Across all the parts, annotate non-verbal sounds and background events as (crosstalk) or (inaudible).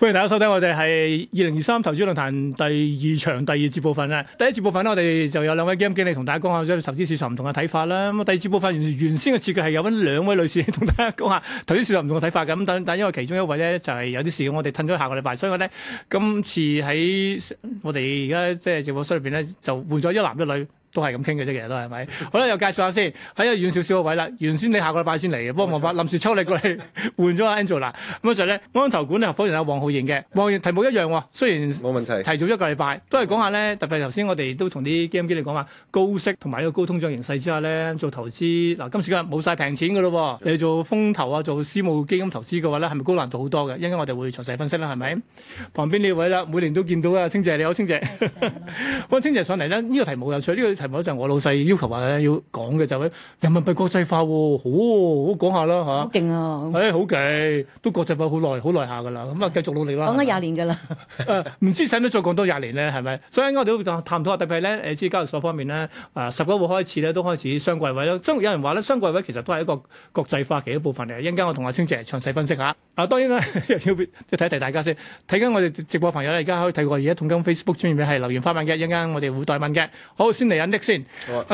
歡迎大家收聽我哋係二零二三投資論壇第二場第二節部分啊！第一節部分咧，我哋就有兩位基金經理同大家講下關於投資市場唔同嘅睇法啦。咁第二節部分原來原先嘅設計係有揾兩位女士同大家講下投資市場唔同嘅睇法嘅。咁但但因為其中一位咧就係、是，有啲事，我哋褪咗下個禮拜，所以我咧今次喺我哋而家即係直播室裏邊咧，就換咗一男一女。都係咁傾嘅啫，其實都係咪？好啦，又介紹下先喺遠少少嘅位啦。原先你下個禮拜先嚟嘅，不過冇辦法。臨時抽你過嚟 (laughs) 換咗阿 Angela。咁就係咧，安投管理，合夥人王浩然嘅。王浩然題目一樣、哦，雖然冇問題，提早一個禮拜都係講下咧。特別頭先我哋都同啲基金經理講話，高息同埋呢個高通脹形勢之下咧，做投資嗱今時今日冇晒平錢嘅咯、哦。你做風投啊，做私募基金投資嘅話咧，係咪高難度好多嘅？一陣間我哋會詳細分析啦，係咪？旁邊呢位啦，每年都見到啊。清姐你好，清姐。我 (laughs) 清姐上嚟咧，呢、呢個題目有趣呢個。係咪？就係，我老細要求話要講嘅就係：，人民幣國際化喎、哦，好，我講下啦嚇、啊哎。好勁啊！誒，好勁，都國際化好耐，好耐下㗎啦。咁啊，繼續努力啦。講緊廿年㗎啦、 (laughs) 啊。唔知使唔使再講多廿年咧？係咪？所以我哋都探討下特別係咧誒，至於交易所方面咧，啊，十一號開始咧都開始雙櫃位咯。將有人話咧，雙櫃位其實都係一個國際化嘅一部分嚟。一陣間我同阿清姐詳細分析下。啊，當然啦， (laughs) 要即睇一睇大家先。睇緊我哋直播朋友咧，而家可以睇過而家統計 Facebook 專頁係留言發問嘅，一陣間我哋會代問嘅。好，先嚟拎先，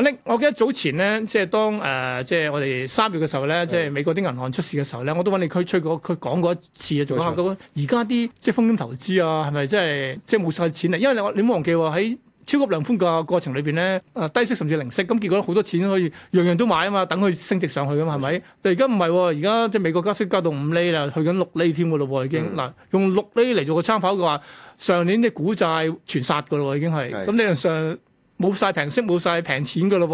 拎吧，我記得早前咧、呃，即係當誒，即係我哋三月嘅時候咧，即係的美國啲銀行出事嘅時候咧，我都揾你去吹過，佢講過一次嘅。做而家啲即係風險投資啊，係咪即係即係冇晒錢啊？因為你你冇忘記喎，喺超級量寬嘅過程裏邊咧，誒、呃、低息甚至零息，咁結果好多錢可以樣樣都買啊嘛，等佢升值上去啊嘛，係咪？而家唔係喎，而家即係美國加息加到五厘啦，去緊六厘添嘅咯喎，已經嗱，經的用六厘嚟做個參考嘅話，上年啲股債全殺嘅咯喎，已經係咁，的你用上。冇晒平息，冇晒平錢嘅咯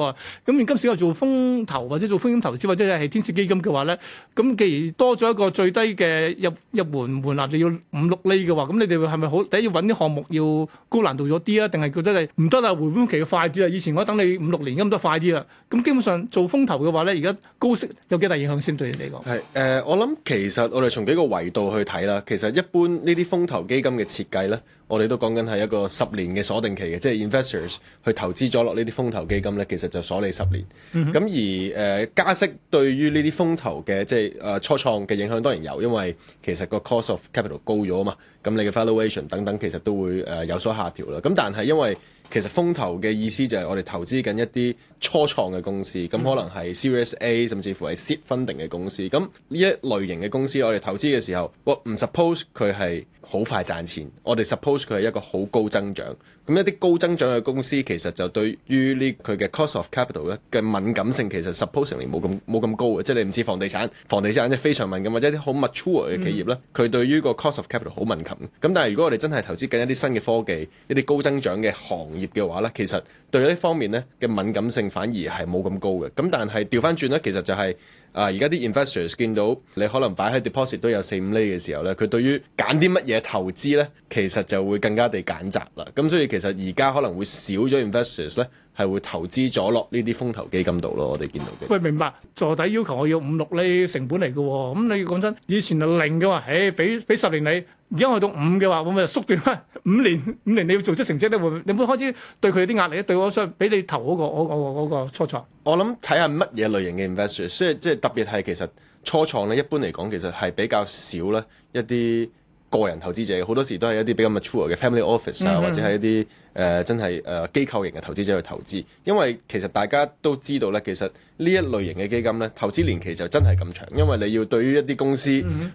喎。咁你今時又做風投或者做風險投資或者係天使基金嘅話咧，咁既然多咗一個最低嘅入入門門檻就要五六厘嘅話，咁你哋會係咪好第一要揾啲項目要高難度咗啲啊？定係覺得係唔得啦？回本期要快啲啊！以前我等你五六年咁都快啲啊！咁基本上做風投嘅話咧，而家高息有幾大影響先對你嚟講？係誒、呃，我諗其實我哋從幾個維度去睇啦。其實一般呢啲風投基金嘅設計咧。我哋都講緊係一個十年嘅鎖定期嘅，即係 investors 去投資咗落呢啲風投基金呢，其實就鎖你十年。咁、mm hmm. 而誒、呃、加息對於呢啲風投嘅即係誒、呃、初創嘅影響當然有，因為其實個 cost of capital 高咗啊嘛，咁你嘅 valuation 等等其實都會誒、呃、有所下調啦。咁但係因為其實風投嘅意思就係我哋投資緊一啲初創嘅公司，咁可能係 Series A 甚至乎係 seed funding 嘅公司。咁呢一類型嘅公司我哋投資嘅時候，我唔 suppose 佢係。好快賺錢，我哋 suppose 佢係一個好高增長，咁一啲高增長嘅公司其實就對於呢佢嘅 cost of capital 咧嘅敏感性其實 supposedly 冇咁冇咁高嘅，即係你唔知房地產，房地產即係非常敏感，或者啲好 mature 嘅企業咧，佢、嗯、對於個 cost of capital 好敏感。咁但係如果我哋真係投資緊一啲新嘅科技、一啲高增長嘅行業嘅話咧，其實。對呢方面咧嘅敏感性反而係冇咁高嘅，咁但係調翻轉咧，其實就係、是、啊，而、呃、家啲 investors 見到你可能擺喺 deposit 都有四五厘嘅時候咧，佢對於揀啲乜嘢投資咧，其實就會更加地揀擇啦。咁所以其實而家可能會少咗 investors 咧，係會投資咗落呢啲風投基金度咯。我哋見到嘅。喂，明白？座底要求我要五六厘成本嚟嘅喎，咁、嗯、你講真，以前係零嘅嘛？唉、哎，俾俾十零厘你。而家去到五嘅話，會唔會縮短？五年五年你要做出成績咧，會你唔會開始對佢有啲壓力咧，對我所以俾你投嗰個嗰個嗰個初創。我諗睇下乜嘢類型嘅 investor，所以即係特別係其實初創咧，一般嚟講其實係比較少啦一啲。個人投資者好多時都係一啲比較 mature 嘅 family office 啊，或者係一啲誒、呃、真係誒、呃、機構型嘅投資者去投資，因為其實大家都知道咧，其實呢一類型嘅基金咧，投資年期就真係咁長，因為你要對於一啲公司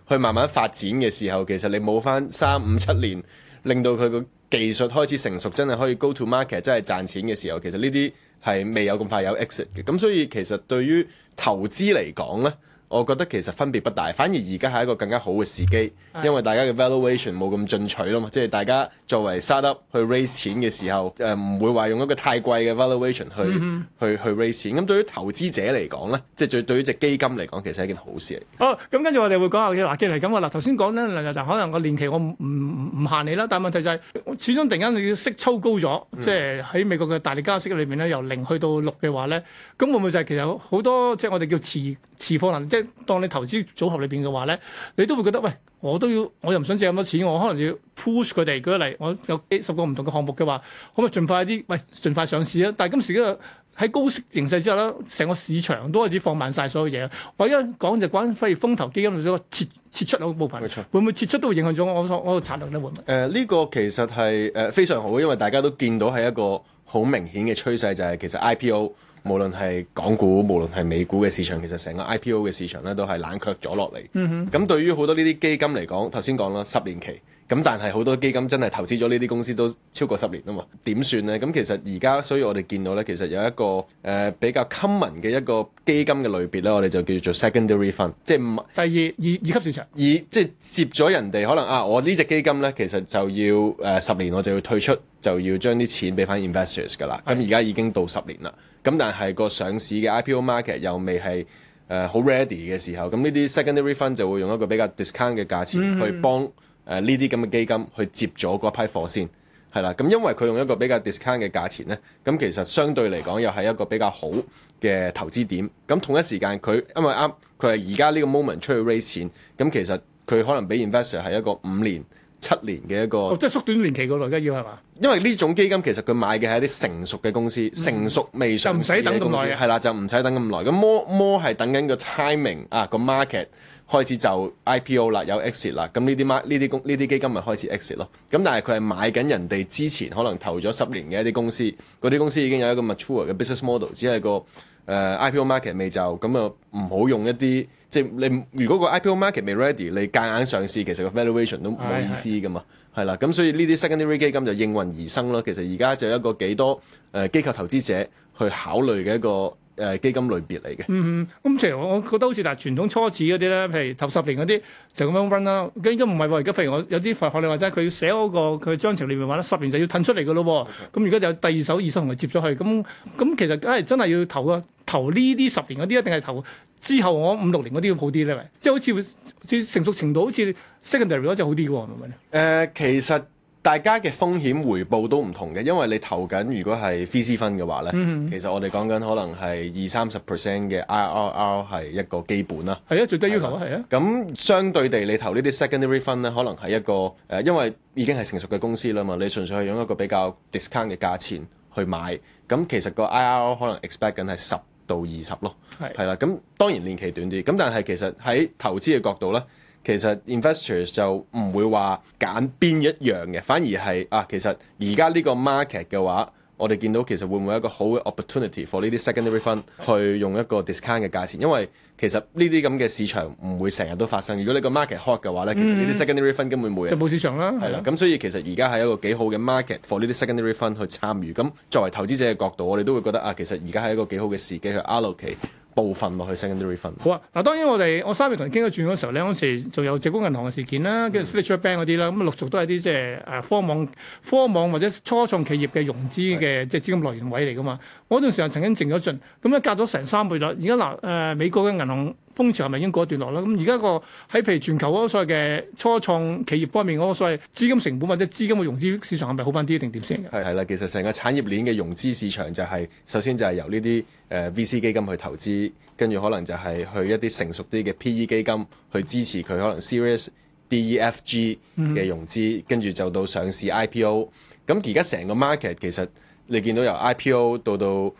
去慢慢發展嘅時候，其實你冇翻三五七年，令到佢個技術開始成熟，真係可以 go to market，真係賺錢嘅時候，其實呢啲係未有咁快有 exit 嘅。咁所以其實對於投資嚟講咧。我覺得其實分別不大，反而而家係一個更加好嘅時機，因為大家嘅 valuation 冇咁進取啦嘛，即係大家作為 startup 去 raise 錢嘅時候，誒唔會話用一個太貴嘅 valuation 去去去 raise 錢。咁對於投資者嚟講咧，即係最對於隻基金嚟講，其實係一件好事嚟。啊，咁跟住我哋會講下嘅，嗱，既係咁喎。嗱，頭先講咧，嗱，但可能個年期我唔唔限你啦。但問題就係，始終突然間你要息抽高咗，即係喺美國嘅大力加息嘅裏面咧，由零去到六嘅話咧，咁會唔會就係其實好多即係我哋叫持持貨能當你投資組合裏邊嘅話咧，你都會覺得喂，我都要，我又唔想借咁多錢，我可能要 push 佢哋舉例，我有幾十個唔同嘅項目嘅話，可唔可以盡快啲？喂，盡快上市啊！但係今時今日喺高息形勢之下咧，成個市場都開始放慢晒所有嘢。我一講就講翻，而風投基金嗰個撤撤出嗰部分，冇錯會唔會撤出都會影響咗我我個策略咧？誒會唔會，呢、呃這個其實係誒非常好，因為大家都見到係一個好明顯嘅趨勢，就係、是、其實 IPO。無論係港股，無論係美股嘅市場，其實成個 IPO 嘅市場咧都係冷卻咗落嚟。咁、mm hmm. 對於好多呢啲基金嚟講，頭先講啦，十年期。咁但係好多基金真係投資咗呢啲公司都超過十年啊嘛，點算呢？咁其實而家所以我哋見到呢，其實有一個誒、呃、比較 common 嘅一個基金嘅類別呢，我哋就叫做 secondary fund，即係唔係第二二二級市場。二即係接咗人哋可能啊，我呢隻基金呢，其實就要誒十、呃、年，我就要退出，就要將啲錢俾翻 investors 噶啦。咁而家已經到十年啦。咁但係個上市嘅 IPO market 又未係誒好 ready 嘅時候，咁呢啲 secondary fund 就會用一個比較 discount 嘅價錢去幫誒呢啲咁嘅基金去接咗嗰一批貨先，係啦。咁、嗯、因為佢用一個比較 discount 嘅價錢呢，咁、嗯、其實相對嚟講又係一個比較好嘅投資點。咁、嗯、同一時間佢因為啱佢係而家呢個 moment 出去 raise 錢，咁、嗯、其實佢可能俾 investor 係一個五年。七年嘅一個，即係縮短年期嗰類，而家要係嘛？因為呢種基金其實佢買嘅係一啲成熟嘅公司，嗯、成熟未上市嘅公司，就唔使等咁耐。係啦，就唔使等咁耐。咁摩摩係等緊個 timing 啊，個 market 開始就 IPO 啦，有 exit 啦。咁呢啲呢啲公呢啲基金咪開始 exit 咯。咁但係佢係買緊人哋之前可能投咗十年嘅一啲公司，嗰啲公司已經有一個 mature 嘅 business model，只係個。誒、uh, IPO market 未就咁啊，唔好用一啲即係你如果個 IPO market 未 ready，你夾硬上市，其實個 valuation 都冇意思噶嘛，係啦。咁、嗯、所以呢啲 secondary 基金就應運而生咯。其實而家就有一個幾多誒、呃、機構投資者去考慮嘅一個誒、呃、基金類別嚟嘅。嗯嗯，咁其實我覺得好似嗱傳統初始嗰啲咧，譬如投十年嗰啲就咁樣 run 啦、啊。咁而家唔係喎。而家譬如我有啲學你話齋、那個，佢要寫嗰個佢章程裏面話咧，十年就要褪出嚟噶咯。咁而家就有第二手二手同佢接咗去，咁、嗯、咁、嗯嗯、其實梗係、嗯嗯、真係要投啊！嗯嗯嗯嗯投呢啲十年嗰啲，一定係投之後我五六年嗰啲咁好啲咧，即係好似最成熟程度，好似 secondary 嗰隻好啲嘅喎，係咪先？其實大家嘅風險回報都唔同嘅，因為你投緊如果係 f c 分嘅話咧，其實我哋講緊可能係二三十 percent 嘅 IRR 係一個基本啦。係啊，最低要求啊，係啊。咁相對地，你投呢啲 secondary 分 u 咧，可能係一個誒，因為已經係成熟嘅公司啦嘛，你純粹係用一個比較 discount 嘅價錢去買，咁其實個 IRR 可能 expect 緊係十。到二十咯，係啦的，咁當然年期短啲，咁但係其實喺投資嘅角度咧，其實 investors 就唔會話揀邊一樣嘅，反而係啊，其實而家呢個 market 嘅話。我哋見到其實會唔會一個好嘅 opportunity for 呢啲 secondary fund 去用一個 discount 嘅價錢？因為其實呢啲咁嘅市場唔會成日都發生。如果你個 market hot 嘅話呢，嗯、其實呢啲 secondary fund 根本冇人，就冇市場啦。係啦的，咁的所以其實而家係一個幾好嘅 market for 呢啲 secondary fund 去參與。咁作為投資者嘅角度，我哋都會覺得啊，其實而家係一個幾好嘅時機去 allocate。部分落去 secondary fund。好啊，嗱當然我哋我三月同人傾咗轉嗰時候咧，嗰時就有矽谷銀行嘅事件啦，跟住 Swiss bank 嗰啲啦，咁陸續都係啲即係誒科網、科網或者初創企業嘅融資嘅即係資金來源位嚟㗎嘛。嗰段時間曾經靜咗盡，咁樣隔咗成三倍啦。而家嗱誒，美國嘅銀行風潮係咪已經過一段落啦？咁而家個喺譬如全球嗰個所謂嘅初創企業方面嗰個所謂資金成本或者資金嘅融資市場係咪好翻啲定點先？係係啦，其實成個產業鏈嘅融資市場就係、是、首先就係由呢啲誒 VC 基金去投資，跟住可能就係去一啲成熟啲嘅 PE 基金去支持佢可能 Series DEFG 嘅融資，跟住、嗯、就到上市 IPO。咁而家成個 market 其實～你見到由 IPO 到到誒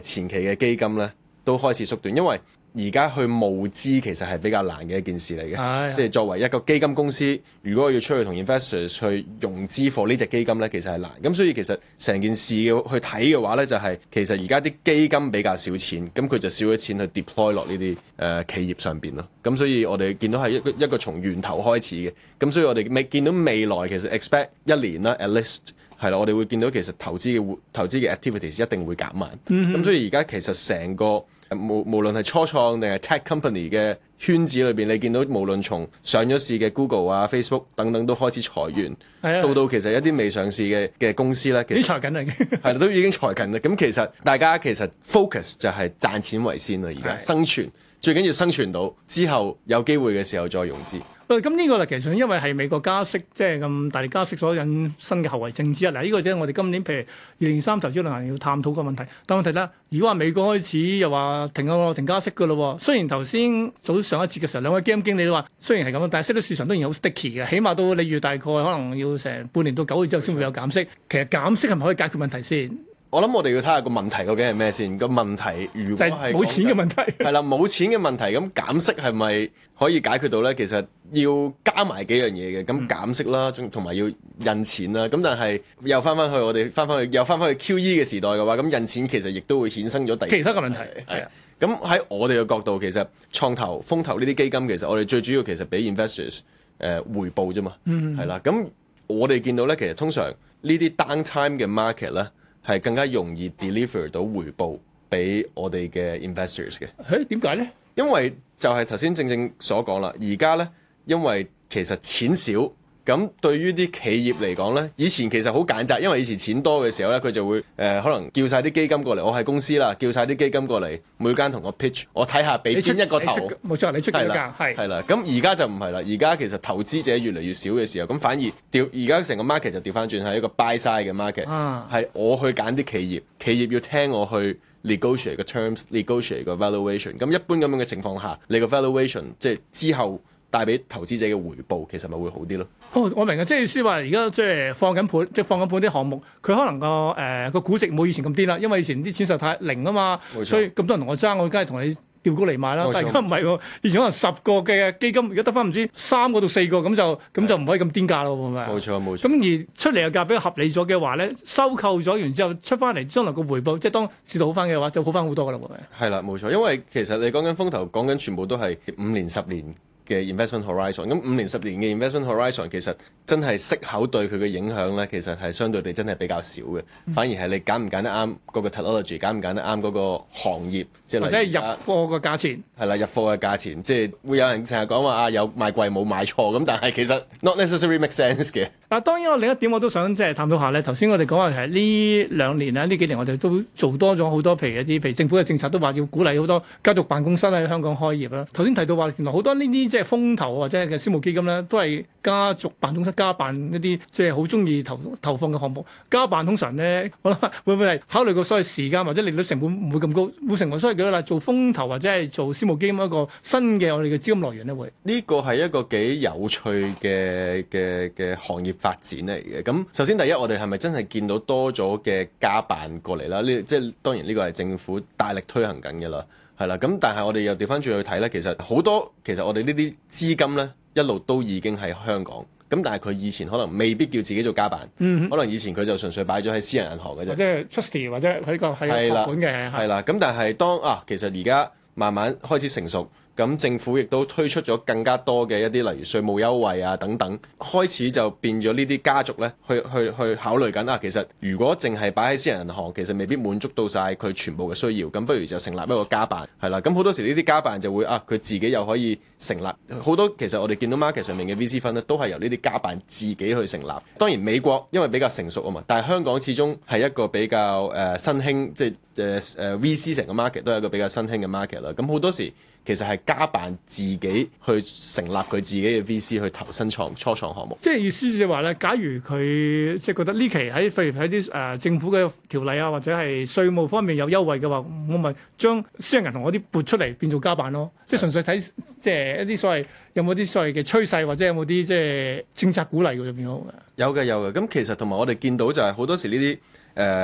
前期嘅基金咧，都開始縮短，因為而家去募資其實係比較難嘅一件事嚟嘅。係、哎呀。即係作為一個基金公司，如果要出去同 investors 去融資，for 呢隻基金咧，其實係難。咁所以其實成件事要去睇嘅話咧，就係、是、其實而家啲基金比較少錢，咁佢就少咗錢去 deploy 落呢啲誒、呃、企業上邊咯。咁所以我哋見到係一個一個從源頭開始嘅。咁所以我哋未見到未來其實 expect 一年啦，at least。係啦，我哋會見到其實投資嘅活、投資嘅 activities 一定會減慢。咁、mm hmm. 所以而家其實成個無無論係初創定係 tech company 嘅圈子裏邊，你見到無論從上咗市嘅 Google 啊、Facebook 等等都開始裁員，oh. 到到其實一啲未上市嘅嘅公司咧，其實已經裁緊啦，係啦， (laughs) 都已經裁緊啦。咁其實大家其實 focus 就係賺錢為先啦，而家 (laughs) 生存。最緊要生存到，之後有機會嘅時候再融資。咁呢個其實因為係美國加息，即係咁大力加息所引申嘅後遺症之一。嗱，呢個即係我哋今年譬如二零三投資論壇要探討嘅問題。但問題咧，如果話美國開始又話停啊停加息㗎啦，雖然頭先早上一節嘅時候兩位基金經理都話，雖然係咁，但係息率市場當然好 sticky 嘅，起碼到你要大概可能要成半年到九月之後先會有減息。的其實減息係咪可以解決問題先？我諗我哋要睇下個問題究竟係咩先？個問題如果係冇錢嘅問題，係啦冇錢嘅問題。咁減息係咪可以解決到呢？其實要加埋幾樣嘢嘅。咁減息啦，同埋要印錢啦。咁但係又翻翻去，我哋翻翻去又翻翻去 QE 嘅時代嘅話，咁印錢其實亦都會衍生咗第二其他嘅問題。係啊。咁喺我哋嘅角度，其實創投、風投呢啲基金，其實我哋最主要其實俾 investors 誒、呃、回報啫嘛。嗯。係啦。咁我哋見到呢，其實通常呢啲 down time 嘅 market 呢。係更加容易 deliver 到回報俾我哋嘅 investors 嘅。誒點解呢？因為就係頭先正正所講啦，而家呢，因為其實錢少。咁對於啲企業嚟講呢，以前其實好簡雜，因為以前錢多嘅時候呢，佢就會誒、呃、可能叫晒啲基金過嚟，我係公司啦，叫晒啲基金過嚟，每間同我 pitch，我睇下俾邊一個投。冇錯，你出嚟㗎，係了。係啦是，咁而家就唔係啦，而家其實投資者越嚟越少嘅時候，咁反而調，而家成個 market 就調翻轉係一個 buy side 嘅 market，係、啊、我去揀啲企業，企業要聽我去 negotiate 個 terms，negotiate 個 valuation、啊。咁一般咁樣嘅情況下，你個 valuation 即係之後。帶俾投資者嘅回報，其實咪會好啲咯？哦，我明啊，即係意思話而家即係放緊盤，即係放緊盤啲項目，佢可能個誒個估值冇以前咁癲啦，因為以前啲錢實太零啊嘛，錯所以咁多人同我爭，我梗係同你調高嚟買啦。大家唔係喎，錯以前可能十個嘅基金，而家得翻唔知三個到四個，咁就咁是就唔可以咁癲價咯，係咪啊？冇錯冇錯。咁而出嚟嘅價比較合理咗嘅話咧，收購咗完之後出翻嚟，將來個回報即係當市道好翻嘅話，就好翻好多噶啦喎。係啦、嗯，冇錯，因為其實你講緊風投，講緊全部都係五年十年。嘅 investment horizon，咁五年十年嘅 investment horizon 其實真係息口對佢嘅影響咧，其實係相對地真係比較少嘅，反而係你揀唔揀得啱嗰個 technology，揀唔揀得啱嗰個行業。或者係入貨個價錢係啦，啊，入貨嘅價錢，即係會有人成日講話啊，有賣貴冇買錯咁，但係其實 not necessarily make sense 嘅。啊，當然我另一點我都想即係探討下咧。頭先我哋講話其實呢兩年咧，呢幾年我哋都做多咗好多譬如一啲譬如政府嘅政策都話要鼓勵好多家族辦公室喺香港開業啦。頭先提到話原來好多呢啲即係風投或者係嘅私募基金咧，都係家族辦公室家辦一啲即係好中意投投放嘅項目。家辦通常咧我諗會唔會係考慮過所謂時間或者利率成本唔會咁高，會成為所謂？做風投或者係做私募基金一個新嘅我哋嘅資金來源咧，會呢個係一個幾有趣嘅嘅嘅行業發展嚟嘅。咁首先第一，我哋係咪真係見到多咗嘅家辦過嚟啦？呢即係當然呢個係政府大力推行緊嘅啦，係啦。咁但係我哋又掉返轉去睇呢，其實好多，其實我哋呢啲資金呢，一路都已經喺香港。咁但係佢以前可能未必叫自己做家辦，嗯、哼可能以前佢就純粹擺咗喺私人銀行嘅啫，即係 trustee 或者佢個係託管嘅，係啦的。咁的但係當啊，其實而家慢慢開始成熟。咁政府亦都推出咗更加多嘅一啲，例如稅務優惠啊等等，開始就變咗呢啲家族咧，去去去考慮緊啊。其實如果淨係擺喺私人銀行，其實未必滿足到晒佢全部嘅需要。咁不如就成立一個家辦係啦。咁好多時呢啲家辦就會啊，佢自己又可以成立好多。其實我哋見到 market 上面嘅 VC fund 咧，都係由呢啲家辦自己去成立。當然美國因為比較成熟啊嘛，但係香港始終係一個比較誒、呃、新興即係。誒誒 VC 成個 market 都係一個比較新興嘅 market 啦，咁好多時其實係家辦自己去成立佢自己嘅 VC 去投新創初創項目。即係意思就係話咧，假如佢即係覺得呢期喺譬如喺啲誒政府嘅條例啊，或者係稅務方面有優惠嘅話，我咪將私人銀行嗰啲撥出嚟變做家辦咯。即係純粹睇即係一啲所謂有冇啲所謂嘅趨勢，或者有冇啲即係政策鼓勵咁樣好有嘅有嘅，咁其實同埋我哋見到就係好多時呢啲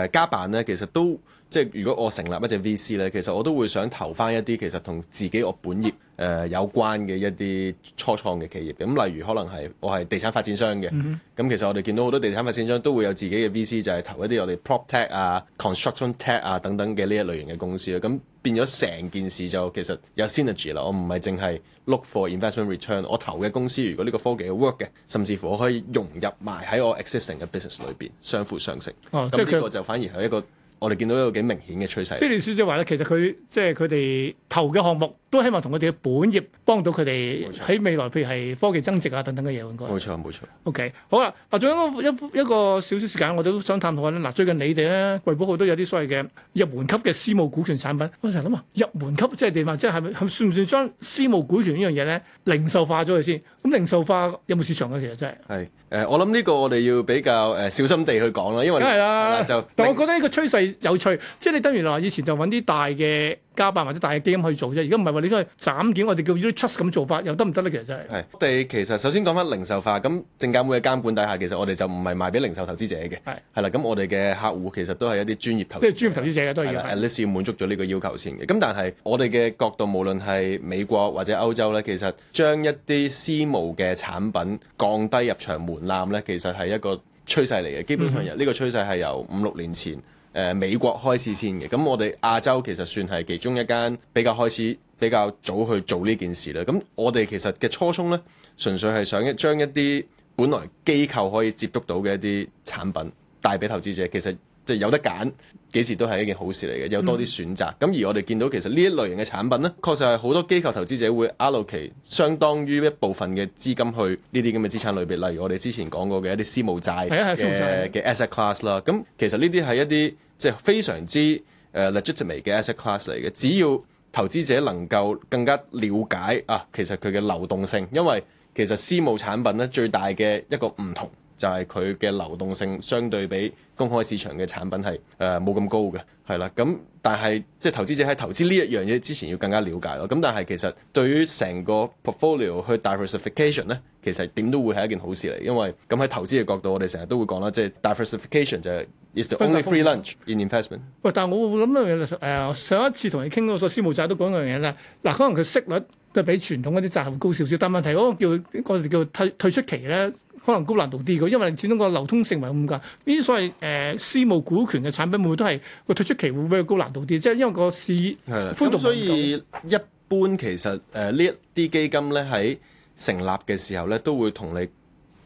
誒家辦咧，其實都。即係如果我成立一隻 VC 呢，其實我都會想投翻一啲其實同自己個本業誒、呃、有關嘅一啲初創嘅企業。咁、嗯、例如可能係我係地產發展商嘅，咁、mm hmm. 嗯、其實我哋見到好多地產發展商都會有自己嘅 VC，就係投一啲我哋 prop tech 啊、construction tech 啊等等嘅呢一類型嘅公司咁、嗯、變咗成件事就其實有 synergy 啦。我唔係淨係 look for investment return。我投嘅公司如果呢個科技係 work 嘅，甚至乎我可以融入埋喺我 existing 嘅 business 裏邊，相輔相成。咁呢個就反而係一個。我哋見到一個幾明顯嘅趨勢，即係你小姐話咧，其實佢即係佢哋投嘅項目。都希望同佢哋嘅本業幫到佢哋喺未來，譬如係科技增值啊等等嘅嘢應該。冇錯冇錯。O、okay, K 好啦，啊，仲有一一一個少少時間，我都想探討下咧。嗱，最近你哋咧，貴寶號都有啲所謂嘅入門級嘅私募股權產品。我成日諗啊，入門級即係點啊？即係係咪係算唔算將私募股權呢樣嘢咧零售化咗佢先？咁零售化有冇市場啊？其實真係係誒，我諗呢個我哋要比較誒小心地去講啦，因為梗係啦，就但係我覺得呢個趨勢有趣，即係你等於原來以前就揾啲大嘅。加班或者大嘅基金去做啫，而家唔係話你都係斬件，我哋叫啲 trust 咁做法，又得唔得咧？其實真係。係，我哋其實首先講翻零售化，咁證監會嘅監管底下，其實我哋就唔係賣俾零售投資者嘅，係係啦，咁我哋嘅客戶其實都係一啲專業投資，即係專業投資者嘅都係，係，係的，at least< 的>要滿足咗呢個要求先嘅。咁但係我哋嘅角度，的無論係美國或者歐洲咧，其實將一啲私募嘅產品降低入場門檻咧，其實係一個趨勢嚟嘅。基本上呢個趨勢係由五六年前。Mm hmm. 誒美國開始先嘅，咁我哋亞洲其實算係其中一間比較開始比較早去做呢件事啦。咁我哋其實嘅初衷呢，純粹係想一將一啲本來機構可以接觸到嘅一啲產品帶俾投資者，其實。即係有得揀，幾時都係一件好事嚟嘅，有多啲選擇。咁而我哋見到其實呢一類型嘅產品咧，確實係好多機構投資者會 Allocate 相當於一部分嘅資金去呢啲咁嘅資產類別，例如我哋之前講過嘅一啲私募債嘅 Asset Class 啦。咁其實呢啲係一啲即係非常之誒 Legitimate 嘅 Asset Class 嚟嘅。只要投資者能夠更加了解啊，其實佢嘅流動性，因為其實私募產品咧最大嘅一個唔同，就係佢嘅流動性相對比公開市場嘅產品係誒冇咁高嘅，係啦。咁、嗯、但係即係投資者喺投資呢一樣嘢之前要更加了解咯。咁、嗯、但係其實對於成個 portfolio 去 diversification 咧，其實點都會係一件好事嚟，因為咁喺、嗯、投資嘅角度，我哋成日都會講啦，即係 diversification 就係 is the only free lunch in investment。喂，但係我諗一樣嘢誒，上一次同你傾嗰個私募債都講一樣嘢啦。嗱，可能佢息率都比傳統嗰啲債項高少少，但係問題嗰個叫嗰、嗰個嗰個叫退退出期咧。可能高難度啲嘅，因為始終個流通性咪咁㗎。呢啲所謂誒、呃、私募股權嘅產品，會唔會都係個退出期會比較高難度啲？即係因為個市，咁的所以一般其實誒呢一啲基金咧喺成立嘅時候咧，都會同你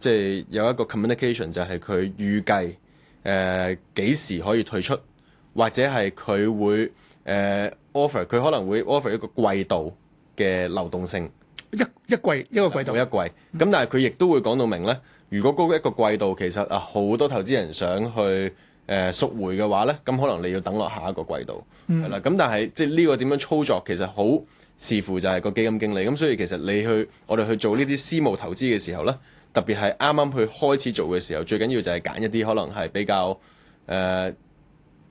即係、就是、有一個 communication，就係佢預計誒幾、呃、時可以退出，或者係佢會誒、呃、offer，佢可能會 offer 一個季度嘅流動性。一一季一個季度，咁、嗯、但係佢亦都會講到明呢。如果高一個季度其實啊好多投資人想去誒贖、呃、回嘅話呢，咁可能你要等落下一個季度係啦。咁、嗯、但係即係呢個點樣操作其實好視乎就係個基金經理。咁、嗯、所以其實你去我哋去做呢啲私募投資嘅時候呢，特別係啱啱去開始做嘅時候，最緊要就係揀一啲可能係比較誒、呃、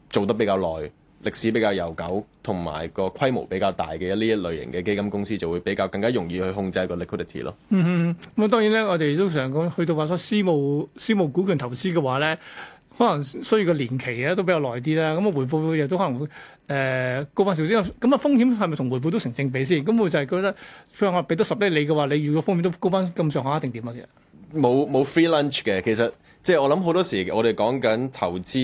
做得比較耐。歷史比較悠久，同埋個規模比較大嘅呢一類型嘅基金公司，就會比較更加容易去控制個 liquidity 咯、嗯。嗯哼，咁、嗯、啊當然咧，我哋都成日講去到話咗私募、私募股權投資嘅話咧，可能需要個年期啊都比較耐啲啦。咁啊回報亦都可能會誒高翻少少。咁、呃、啊風險係咪同回報都成正比先？咁我就係覺得譬如俾多十厘你嘅話，你如果風險都高翻咁上下，一定點嘅啫？冇冇 free lunch 嘅，其實。即係我諗好多時，我哋講緊投資，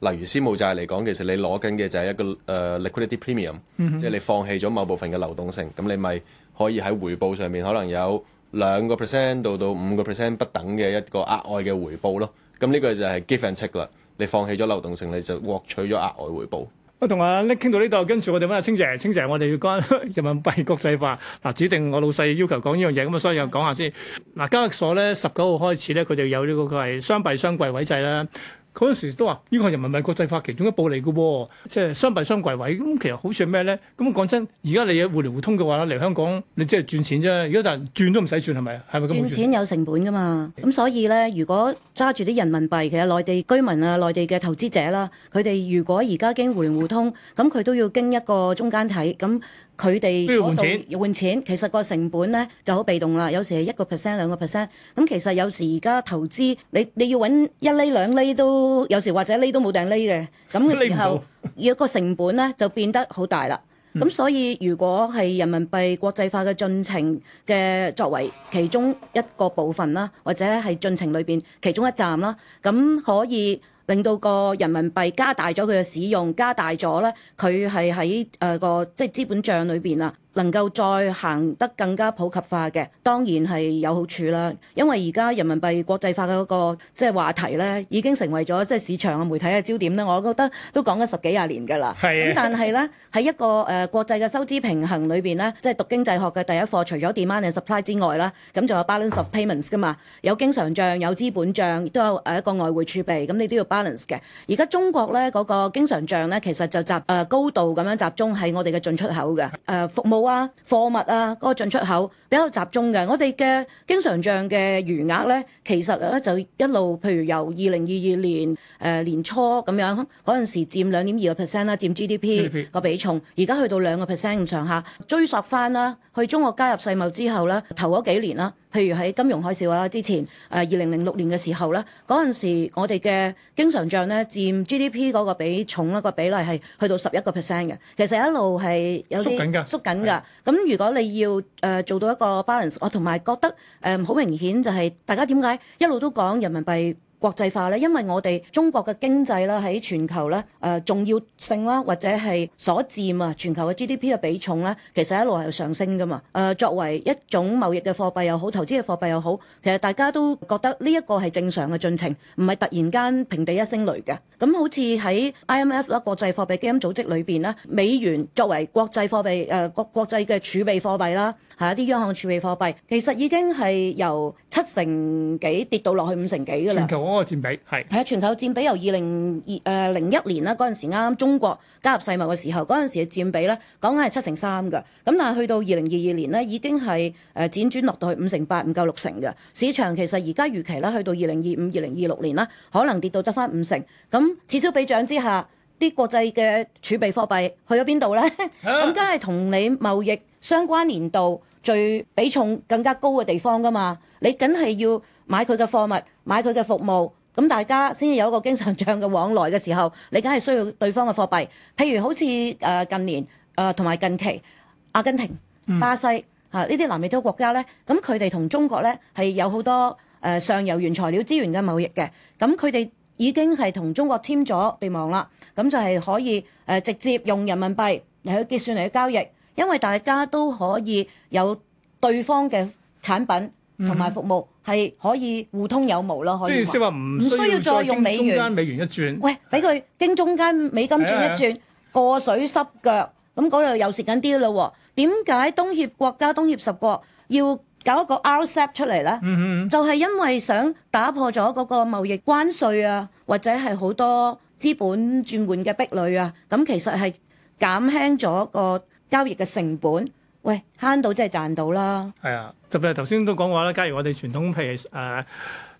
例如私募債嚟講，其實你攞緊嘅就係一個誒、uh, liquidity premium，即係、mm hmm. 你放棄咗某部分嘅流動性，咁你咪可以喺回報上面可能有兩個 percent 到到五個 percent 不等嘅一個額外嘅回報咯。咁呢個就係 give and take 啦，你放棄咗流動性，你就獲取咗額外回報。我同阿 Nick 傾到呢度，跟住我哋問阿清姐，清姐，我哋要講人民幣國際化。嗱，指定我老細要求講呢樣嘢，咁啊，所以又講下先。嗱，交易所咧，十九號開始咧，佢就有呢、呢個佢係雙幣雙櫃位制啦。嗰陣時都話呢個人民幣國際化其中一步嚟嘅喎，即係雙幣雙櫃位。咁其實好處係咩咧？咁講真，而家你有互聯互通嘅話，嚟香港你即係賺錢啫。如果但係轉都唔使轉，係咪？係咪咁？轉錢有成本噶嘛。咁所以咧，如果揸住啲人民幣，其實內地居民啊、內地嘅投資者啦，佢哋如果而家經互聯互通，咁佢都要經一個中間體咁。佢哋嗰度要換錢，其實個成本咧就好被動啦。有時係一個 percent 兩個 percent，咁其實有時而家投資你你要揾一厘、兩厘，都，有時或者釐都冇定釐嘅咁嘅時候，要 (laughs) 個成本咧就變得好大啦。咁所以如果係人民幣國際化嘅進程嘅作為其中一個部分啦，或者係進程裏邊其中一站啦，咁可以。令到個人民幣加大咗佢嘅使用，加大咗呢，佢係喺誒個即係資本帳裏邊啊。能夠再行得更加普及化嘅，當然係有好處啦。因為而家人民幣國際化嘅嗰個即係話題咧，已經成為咗即係市場嘅媒體嘅焦點啦。我覺得都講咗十幾廿年㗎啦。咁 (laughs) 但係咧喺一個誒國際嘅收支平衡裏邊咧，即係讀經濟學嘅第一課，除咗 demand and supply 之外啦，咁仲有 balance of payments 㗎嘛。有經常帳、有資本帳，亦都有誒一個外匯儲備，咁你都要 balance 嘅。而家中國咧嗰個經常帳咧，其實就集誒高度咁樣集中喺我哋嘅進出口嘅誒服務。啊，貨物啊，嗰、那個進出口比較集中嘅。我哋嘅經常帳嘅餘額咧，其實咧就一路，譬如由二零二二年誒、呃、年初咁樣嗰陣時佔 2. 2、啊，佔兩點二個 percent 啦，佔 GDP 個比重。而家去到兩個 percent 咁上下，追溯翻啦。去中國加入世貿之後咧，頭嗰幾年啦。譬如喺金融海嘯啦之前，誒二零零六年嘅時候咧，嗰陣時我哋嘅經常帳咧佔 GDP 嗰個比重一個比例係去到十一個 percent 嘅，其實一路係有縮緊㗎。縮緊㗎。咁的如果你要誒、呃、做到一個 balance，我同埋覺得誒好、呃、明顯就係大家點解一路都講人民幣？國際化咧，因為我哋中國嘅經濟啦，喺全球咧誒重要性啦，或者係所佔啊全球嘅 GDP 嘅比重咧，其實一路係上升㗎嘛。誒作為一種貿易嘅貨幣又好，投資嘅貨幣又好，其實大家都覺得呢一個係正常嘅進程，唔係突然間平地一聲雷嘅。咁好似喺 IMF 啦國際貨幣基金組織裏邊咧，美元作為國際貨幣誒國、呃、國際嘅儲備貨幣啦，係一啲央行儲備貨幣，其實已經係由七成幾跌到落去五成幾㗎啦。嗰個佔比係係啊，全球佔比由二零二誒零一年啦，嗰陣時啱啱中國加入世貿嘅時候，嗰陣時嘅佔比咧，講緊係七成三㗎。咁但係去到二零二二年咧，已經係誒輾轉落到去五成八，唔夠六成嘅市場。其實而家預期咧，去到二零二五、二零二六年啦，可能跌到得返五成。咁此消彼長之下，啲國際嘅儲備貨幣去咗邊度咧？咁梗係同你貿易相關年度最比重更加高嘅地方㗎嘛？你梗係要，買佢嘅貨物，買佢嘅服務，咁大家先至有一個經常帳嘅往來嘅時候，你梗係需要對方嘅貨幣。譬如好似誒近年誒同埋近期阿根廷、巴西啊呢啲南美洲國家呢，咁佢哋同中國呢係有好多誒上游原材料資源嘅貿易嘅，咁佢哋已經係同中國簽咗備忘啦，咁就係可以誒直接用人民幣嚟去結算嚟去交易，因為大家都可以有對方嘅產品。同埋服務係可以互通有無咯，可以即係話唔需要再用美元、美元一轉，喂，俾佢經中間美金轉一轉，過水濕腳，咁嗰度又蝕緊啲咯喎。點解東協國家東協十國要搞一個 RCEP 出嚟呢？嗯嗯嗯，就係因為想打破咗嗰個貿易關稅啊，或者係好多資本轉換嘅壁壘啊，咁其實係減輕咗個交易嘅成本。喂，慳到即係賺到啦！係啊，特別係頭先都講過啦。假如我哋傳統譬如誒、呃、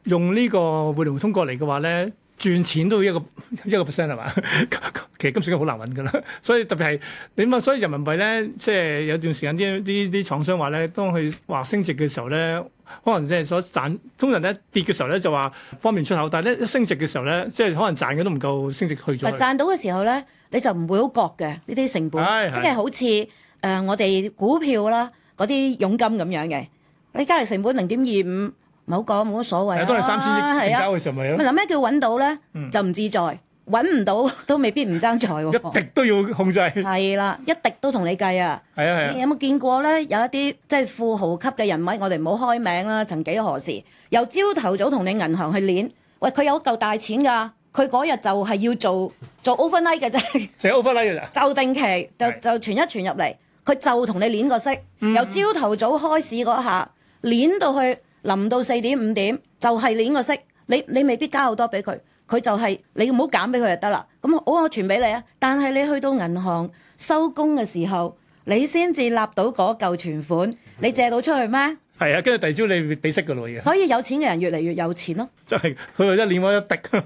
用呢個互聯互通過嚟嘅話咧，轉錢都要一個一個 percent 係嘛？ (laughs) 其實今時今好難揾㗎啦，所以特別係你嘛。所以人民幣咧，即係有段時間啲啲啲廠商話咧，當佢話升值嘅時候咧，可能即係所賺通常咧跌嘅時候咧就話方便出口，但係咧一升值嘅時候咧，即係可能賺嘅都唔夠升值去咗。賺到嘅時候咧，你就唔會好覺嘅呢啲成本，即係、哎、呀好似。誒，我哋股票啦，嗰啲佣金咁樣嘅，你交易成本零點二五，唔好講，冇乜所謂啦。都係三千億成交嘅時候咪咯。諗咩叫揾到咧？就唔自在，揾唔到都未必唔爭在喎。一滴都要控制。係啦，一滴都同你計啊！係啊係你有冇見過咧？有一啲即係富豪級嘅人物，我哋唔好開名啦。曾幾何時由朝頭早同你銀行去攣？喂，佢有嚿大錢㗎，佢嗰日就係要做做 open line 嘅啫。成 open line 㗎就定期就就存一存入嚟。佢就同你捻個息，嗯、由朝頭早開始嗰下捻到去臨到四點五點，就係、是、捻個息。你你未必加好多俾佢，佢就係、是、你唔好減俾佢就得啦。咁我我傳俾你啊，但係你去到銀行收工嘅時候，你先至立到嗰嚿存款，你借到出去咩？係啊，跟住第二朝你俾息㗎咯，所以有錢嘅人越嚟越有錢咯。即係佢話一年攞一滴。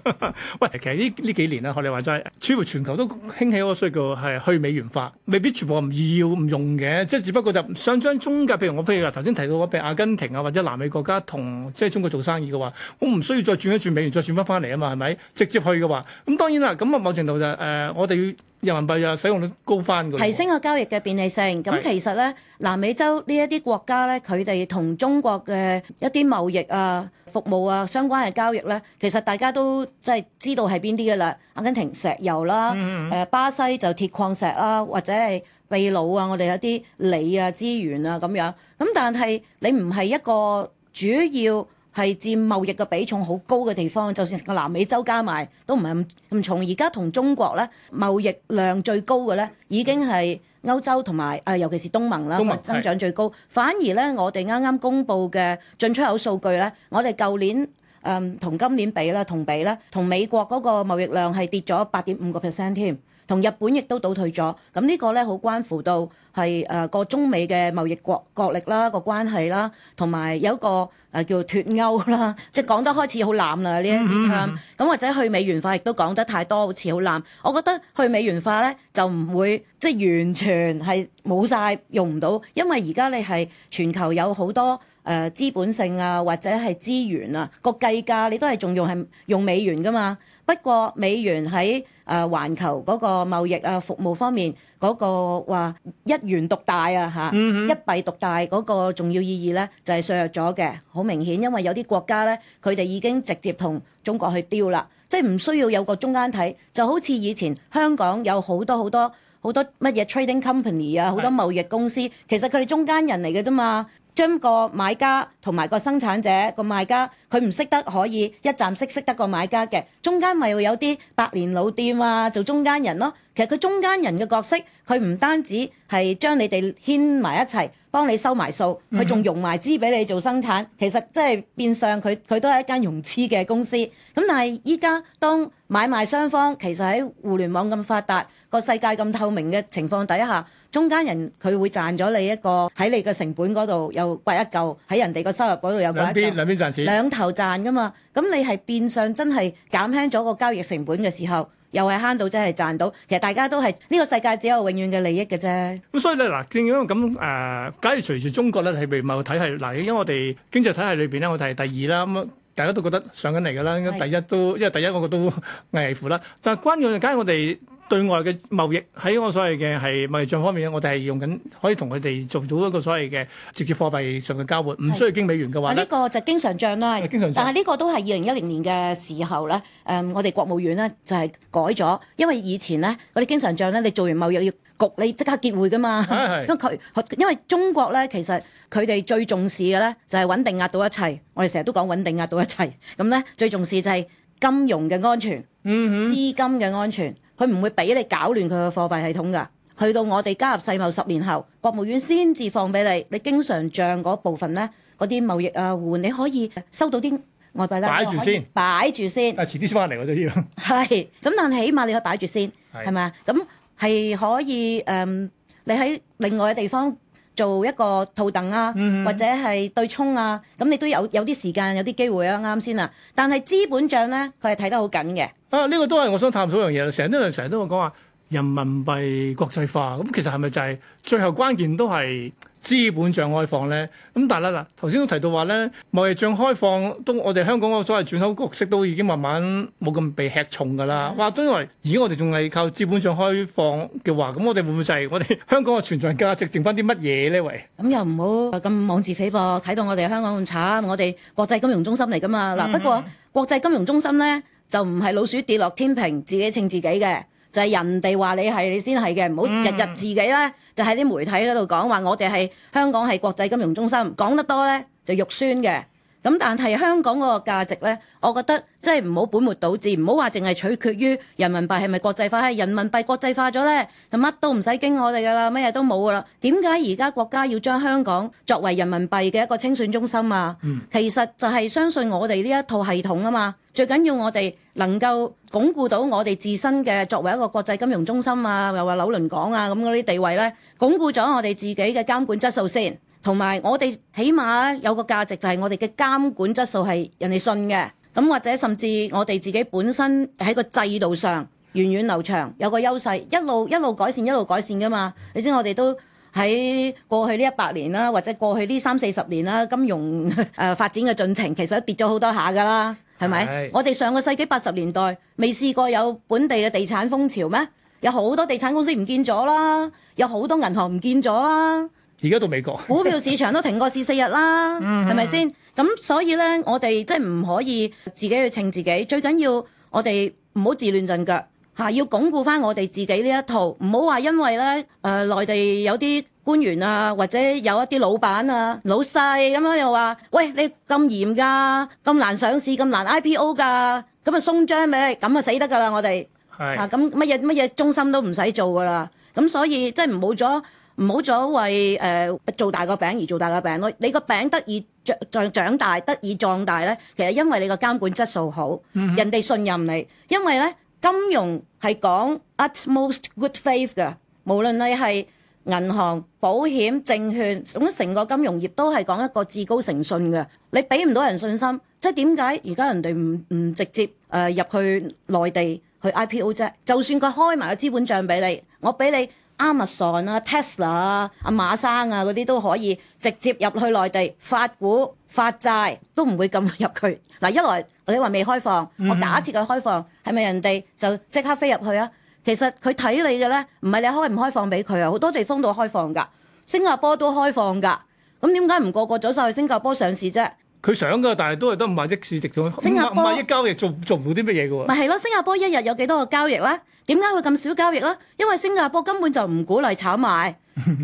喂，其實呢呢幾年啊，我哋話齋，全部全球都興起嗰個需求係去美元化，未必全部唔要唔用嘅。即係只不過就想將中介，譬如我譬如話頭先提到嗰譬如阿根廷啊，或者南美國家同即係中國做生意嘅話，我唔需要再轉一轉美元，再轉翻翻嚟啊嘛，係咪？直接去嘅話，咁當然啦。咁啊，某程度就誒、呃，我哋要。人民幣又、啊、使用率高翻，提升個交易嘅便利性。咁是其實咧，南美洲呢一啲國家咧，佢哋同中國嘅一啲貿易啊、服務啊相關嘅交易咧，其實大家都即係知道係邊啲㗎喇。阿根廷石油啦，誒、嗯嗯、巴西就鐵礦石啦，或者係秘魯啊，我哋有啲鋰啊資源啊咁樣。咁但係你唔係一個主要，係佔貿易嘅比重好高嘅地方，就算成個南美洲加埋都唔係咁重。而家同中國咧貿易量最高嘅咧，已經係歐洲同埋啊，尤其是東盟啦，盟增長最高。的反而咧，我哋啱啱公布嘅進出口數據咧，我哋舊年誒、嗯、同今年比啦，同比咧，同美國嗰個貿易量係跌咗八點五個 percent 添。同日本亦都倒退咗，咁呢個咧好關乎到係誒、呃、個中美嘅貿易國國力啦、個關係啦，同埋有一個誒、呃、叫做脫歐啦，即係講得開始好濫啦呢、嗯嗯嗯、一啲嘅，咁或者去美元化亦都講得太多，好似好濫。我覺得去美元化咧就唔會即係完全係冇晒，用唔到，因為而家你係全球有好多誒、呃、資本性啊或者係資源啊個計價你都係仲用係用美元噶嘛，不過美元喺誒，全、啊、球嗰個貿易啊，服務方面嗰、那個話一元獨大啊，嚇、mm，hmm. 一幣獨大嗰個重要意義咧，就係、是、削弱咗嘅，好明顯，因為有啲國家咧，佢哋已經直接同中國去 deal 啦，即係唔需要有個中間體，就好似以前香港有好多好多好多乜嘢 trading company 啊，好多貿易公司，是其實佢哋中間人嚟嘅啫嘛。將個買家同埋個生產者，個賣家，佢唔識得可以一站式識得個買家嘅，中間咪會有啲百年老店啊，做中間人咯。其實佢中間人嘅角色，佢唔單止係將你哋牽埋一齊，幫你收埋數，佢仲融埋資俾你做生產。 (laughs) 其實即係變相佢佢都係一間融資嘅公司。咁但係依家當買賣雙方其實喺互聯網咁發達、個世界咁透明嘅情況底下，中間人佢會賺咗你一個喺你嘅成本嗰度又刮一嚿，喺人哋個收入嗰度又刮一嚿，兩邊兩邊賺錢，兩頭賺噶嘛。咁你係變相真係減輕咗個交易成本嘅時候。又係慳到，即係賺到。其實大家都係呢、這個世界只有永遠嘅利益嘅啫。咁所以咧嗱，因為咁誒、呃，假如隨住中國咧係被某體系，嗱，因為我哋經濟體系裏邊咧，我哋係第二啦。咁大家都覺得上緊嚟㗎啦。第一都因為第一個個都危，危乎啦。但係關於假如我哋，對外嘅貿易喺我所謂嘅係貿易帳方面咧，我哋係用緊可以同佢哋做咗一個所謂嘅直接貨幣上嘅交換，唔需要經美元嘅話呢、啊這個就經常帳啦，啊、經常帳。但係呢個都係二零一零年嘅時候咧。誒、嗯，我哋國務院咧就係、是、改咗，因為以前咧我哋經常帳咧，你做完貿易要焗你即刻結匯噶嘛。是是因為佢，因為中國咧，其實佢哋最重視嘅咧就係穩定壓到一切。我哋成日都講穩定壓到一切咁咧，最重視就係金融嘅安全，嗯、哼資金嘅安全。佢唔會俾你搞亂佢嘅貨幣系統㗎。去到我哋加入世貿十年後，國務院先至放俾你。你經常帳嗰部分咧，嗰啲貿易啊換，你可以收到啲外幣啦。擺住先，擺住先。係，遲啲先翻嚟喎都要。係，咁但係起碼你可以擺住先，係咪？咁係可以誒？你喺另外嘅地方，做一個套戥啊，嗯、或者係對沖啊，咁你都有有啲時間，有啲機會啊，啱先啊。但係資本帳咧，佢係睇得好緊嘅。啊，呢個都係我想探索一樣嘢，成日都有人成日都會講話人民幣國際化，咁其實係咪就係最後關鍵都係？資本賬開放咧，咁但係啦嗱，頭先都提到話咧，貿易賬開放都，我哋香港嘅所謂轉口角色都已經慢慢冇咁被吃重㗎啦。話都因為而家我哋仲係靠資本賬開放嘅話，咁我哋會唔會就係我哋香港嘅存在價值剩翻啲乜嘢咧？喂，咁又唔好咁妄自菲薄，睇到我哋香港咁慘，我哋國際金融中心嚟㗎嘛。嗱， (noise) 不過國際金融中心咧就唔係老鼠跌落天平，自己稱自己嘅。就係人哋話你係你先係嘅，唔好日日自己呢就喺啲媒體嗰度講話，我哋係香港係國際金融中心，講得多呢就肉酸嘅。咁但係香港嗰個價值呢，我覺得即係唔好本末倒置，唔好話淨係取決於人民幣係咪國際化，係人民幣國際化咗呢，就乜都唔使經我哋㗎喇，乜嘢都冇㗎喇。點解而家國家要將香港作為人民幣嘅一個清算中心啊？嗯、其實就係相信我哋呢一套系統啊嘛，最緊要我哋能夠鞏固到我哋自身嘅作為一個國際金融中心啊，又話紐倫港啊咁嗰啲地位呢，鞏固咗我哋自己嘅監管質素先。同埋，我哋起碼有個價值，就係我哋嘅監管質素係人哋信嘅。咁或者甚至我哋自己本身喺個制度上源遠流長，有個優勢，一路一路改善，一路改善噶嘛。你知我哋都喺過去呢一百年啦，或者過去呢三四十年啦，金融誒、呃、發展嘅進程其實都跌咗好多下噶啦，係咪？是我哋上個世紀八十年代未試過有本地嘅地產風潮咩？有好多地產公司唔見咗啦，有好多銀行唔見咗啦。而家到美國， (laughs) 股票市場都停過試四四日啦，係咪先？咁所以呢，我哋即係唔可以自己去稱自己，最緊要我哋唔好自亂陣腳嚇、啊，要鞏固翻我哋自己呢一套，唔好話因為咧誒、呃、內地有啲官員啊，或者有一啲老闆啊、老細咁樣又話：喂，你咁嚴㗎，咁難上市、咁難 IPO 噶，咁啊鬆章咪咁啊死得㗎啦！我哋嚇咁乜嘢乜嘢中心都唔使做㗎啦，咁所以真係冇咗。唔好咗為誒、呃、做大個餅而做大個餅咯。你個餅得以長長長大，得以壯大咧，其實因為你個監管質素好，嗯、哼人哋信任你。因為咧，金融係講 utmost good faith 嘅，無論你係銀行、保險、證券，總成個金融業都係講一個至高誠信嘅。你俾唔到人信心，即係點解而家人哋唔唔直接誒入、呃、去內地去 IPO 啫？就算佢開埋個資本帳俾你，我俾你。Amazon 啊、Tesla 啊、阿馬生啊嗰啲都可以直接入去內地發股發債，都唔會咁入去。嗱、啊，一來你話未開放，我假設佢開放，係咪人哋就即刻飛入去啊？其實佢睇你嘅咧，唔係你開唔開放俾佢啊，好多地方都開放噶，新加坡都開放噶，咁點解唔個個早上去新加坡上市啫？佢想噶，但係都係得五萬億市值咁，五萬億交易做做唔到啲乜嘢嘅喎。咪係咯，新加坡一日有幾多個交易啦？點解會咁少交易咧？因為新加坡根本就唔鼓勵炒賣，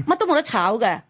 乜 (laughs) 都冇得炒嘅。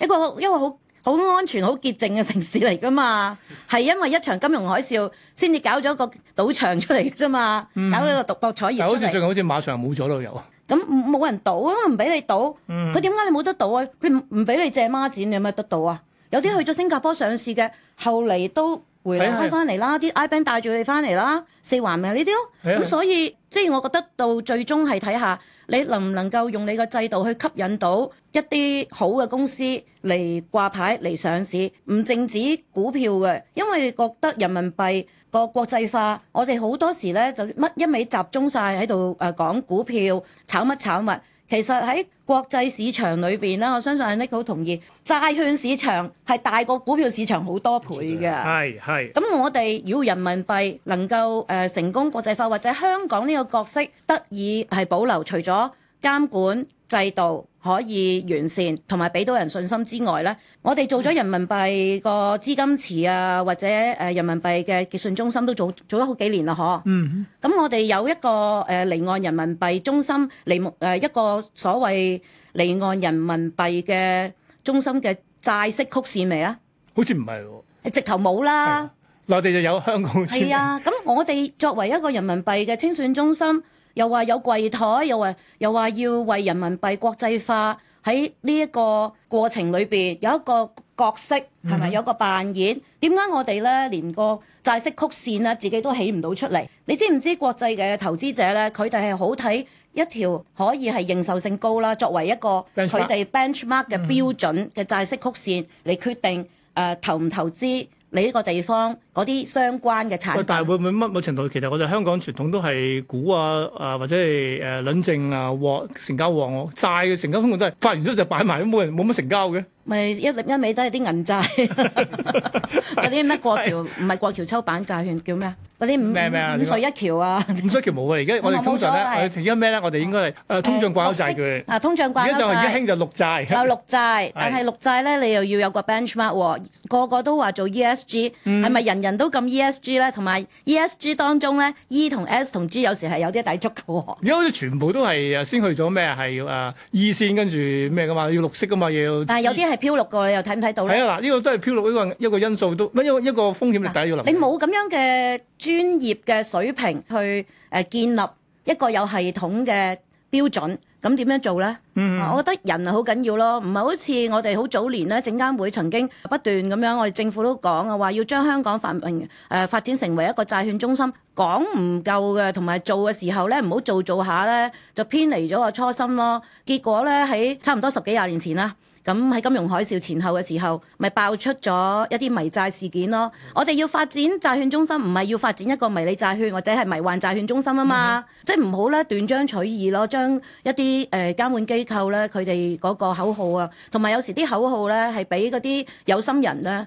一個一個好好安全、好潔淨嘅城市嚟噶嘛。係因為一場金融海嘯先至搞咗個賭場出嚟啫嘛。嗯、搞咗個獨博彩業。嗯、好似最近好似馬上冇咗都有。咁冇人賭啊，唔俾你賭。佢點解你冇得賭啊？佢唔唔俾你借孖展，你有咩得賭啊？有啲去咗新加坡上市嘅，後嚟都回嚟開翻嚟啦，啲的 I Bank 帶住你翻嚟啦，四環咪係呢啲咯，咁的所以即係、就是、我覺得到最終係睇下你能唔能夠用你個制度去吸引到一啲好嘅公司嚟掛牌嚟上市，唔淨止，止股票嘅，因為覺得人民幣個國際化，我哋好多時咧就乜一味集中晒喺度誒講股票，炒乜炒乜。其實喺國際市場裏邊啦，我相信 Nicole 好同意，債券市場係大過股票市場好多倍嘅。係係。咁我哋如果人民幣能夠誒、呃、成功國際化，或者香港呢個角色得以係保留，除咗監管制度，可以完善同埋俾到人信心之外咧，我哋做咗人民幣個資金池啊，或者誒人民幣嘅結算中心都做做咗好幾年啦，嗬。嗯。咁我哋有一個誒離岸人民幣中心，離誒一個所謂離岸人民幣嘅中心嘅債息曲線未啊？好似唔係喎。直頭冇啦。內地就有香港。係啊，咁白 (laughs) 我哋作為一個人民幣嘅清算中心。又話有櫃台，又話又話要為人民幣國際化喺呢一個過程裏邊有一個角色係咪？有一個扮演？點解我哋咧連個債息曲線咧自己都起唔到出嚟？你知唔知國際嘅投資者咧，佢哋係好睇一條可以係認受性高啦，作為一個佢哋 benchmark 嘅標準嘅債息曲線嚟決定誒、呃、投唔投資你呢個地方？嗰啲相關嘅產品，但係會唔會乜某程度其實我哋香港傳統都係股啊，啊或者係誒輪證啊，旺成交旺，債嘅成交通常都係發完咗就擺埋，都冇人冇乜成交嘅。咪一一味都係啲銀債，嗰啲乜過橋唔係過橋抽板債券叫咩啊？嗰啲五咩啊？五隧一橋啊？五隧橋冇啊！而家我哋通常咧，而家咩咧？我哋應該係誒通脹掛咗債券。啊，通脹掛咗債。而家就係而家興就綠債。有綠債，但係綠債咧，你又要有個 benchmark 喎。個個都話做 ESG，係咪人人？人都咁 ESG 咧，同埋 ESG 當中咧 E 同 S 同 G 有時係有啲抵觸嘅、哦。而家好似全部都係誒先去咗咩？係誒 E 線跟住咩嘅嘛？要綠色嘅嘛？要、G、但係有啲係漂綠嘅，你又睇唔睇到咧？係啊，嗱，呢個都係漂綠一個一個因素都乜一個一個風險力。底要臨、啊。你冇咁樣嘅專業嘅水平去誒建立一個有系統嘅標準。咁點樣做呢、mm hmm. 啊？我覺得人啊好緊要咯，唔係好似我哋好早年咧，證監會曾經不斷咁樣，我哋政府都講啊，話要將香港發誒、呃、發展成為一個債券中心，講唔夠嘅，同埋做嘅時候呢，唔好做做下呢，就偏離咗個初心咯。結果呢，喺差唔多十幾廿年前啦。咁喺金融海嘯前後嘅時候，咪爆出咗一啲迷債事件咯。 (noise) 我哋要發展債券中心，唔係要發展一個迷你債券或者係迷幻債券中心啊嘛。嗯、即係唔好咧斷章取義咯，將一啲誒、呃、監管機構咧佢哋嗰個口號啊，同埋有，有時啲口號咧係俾嗰啲有心人咧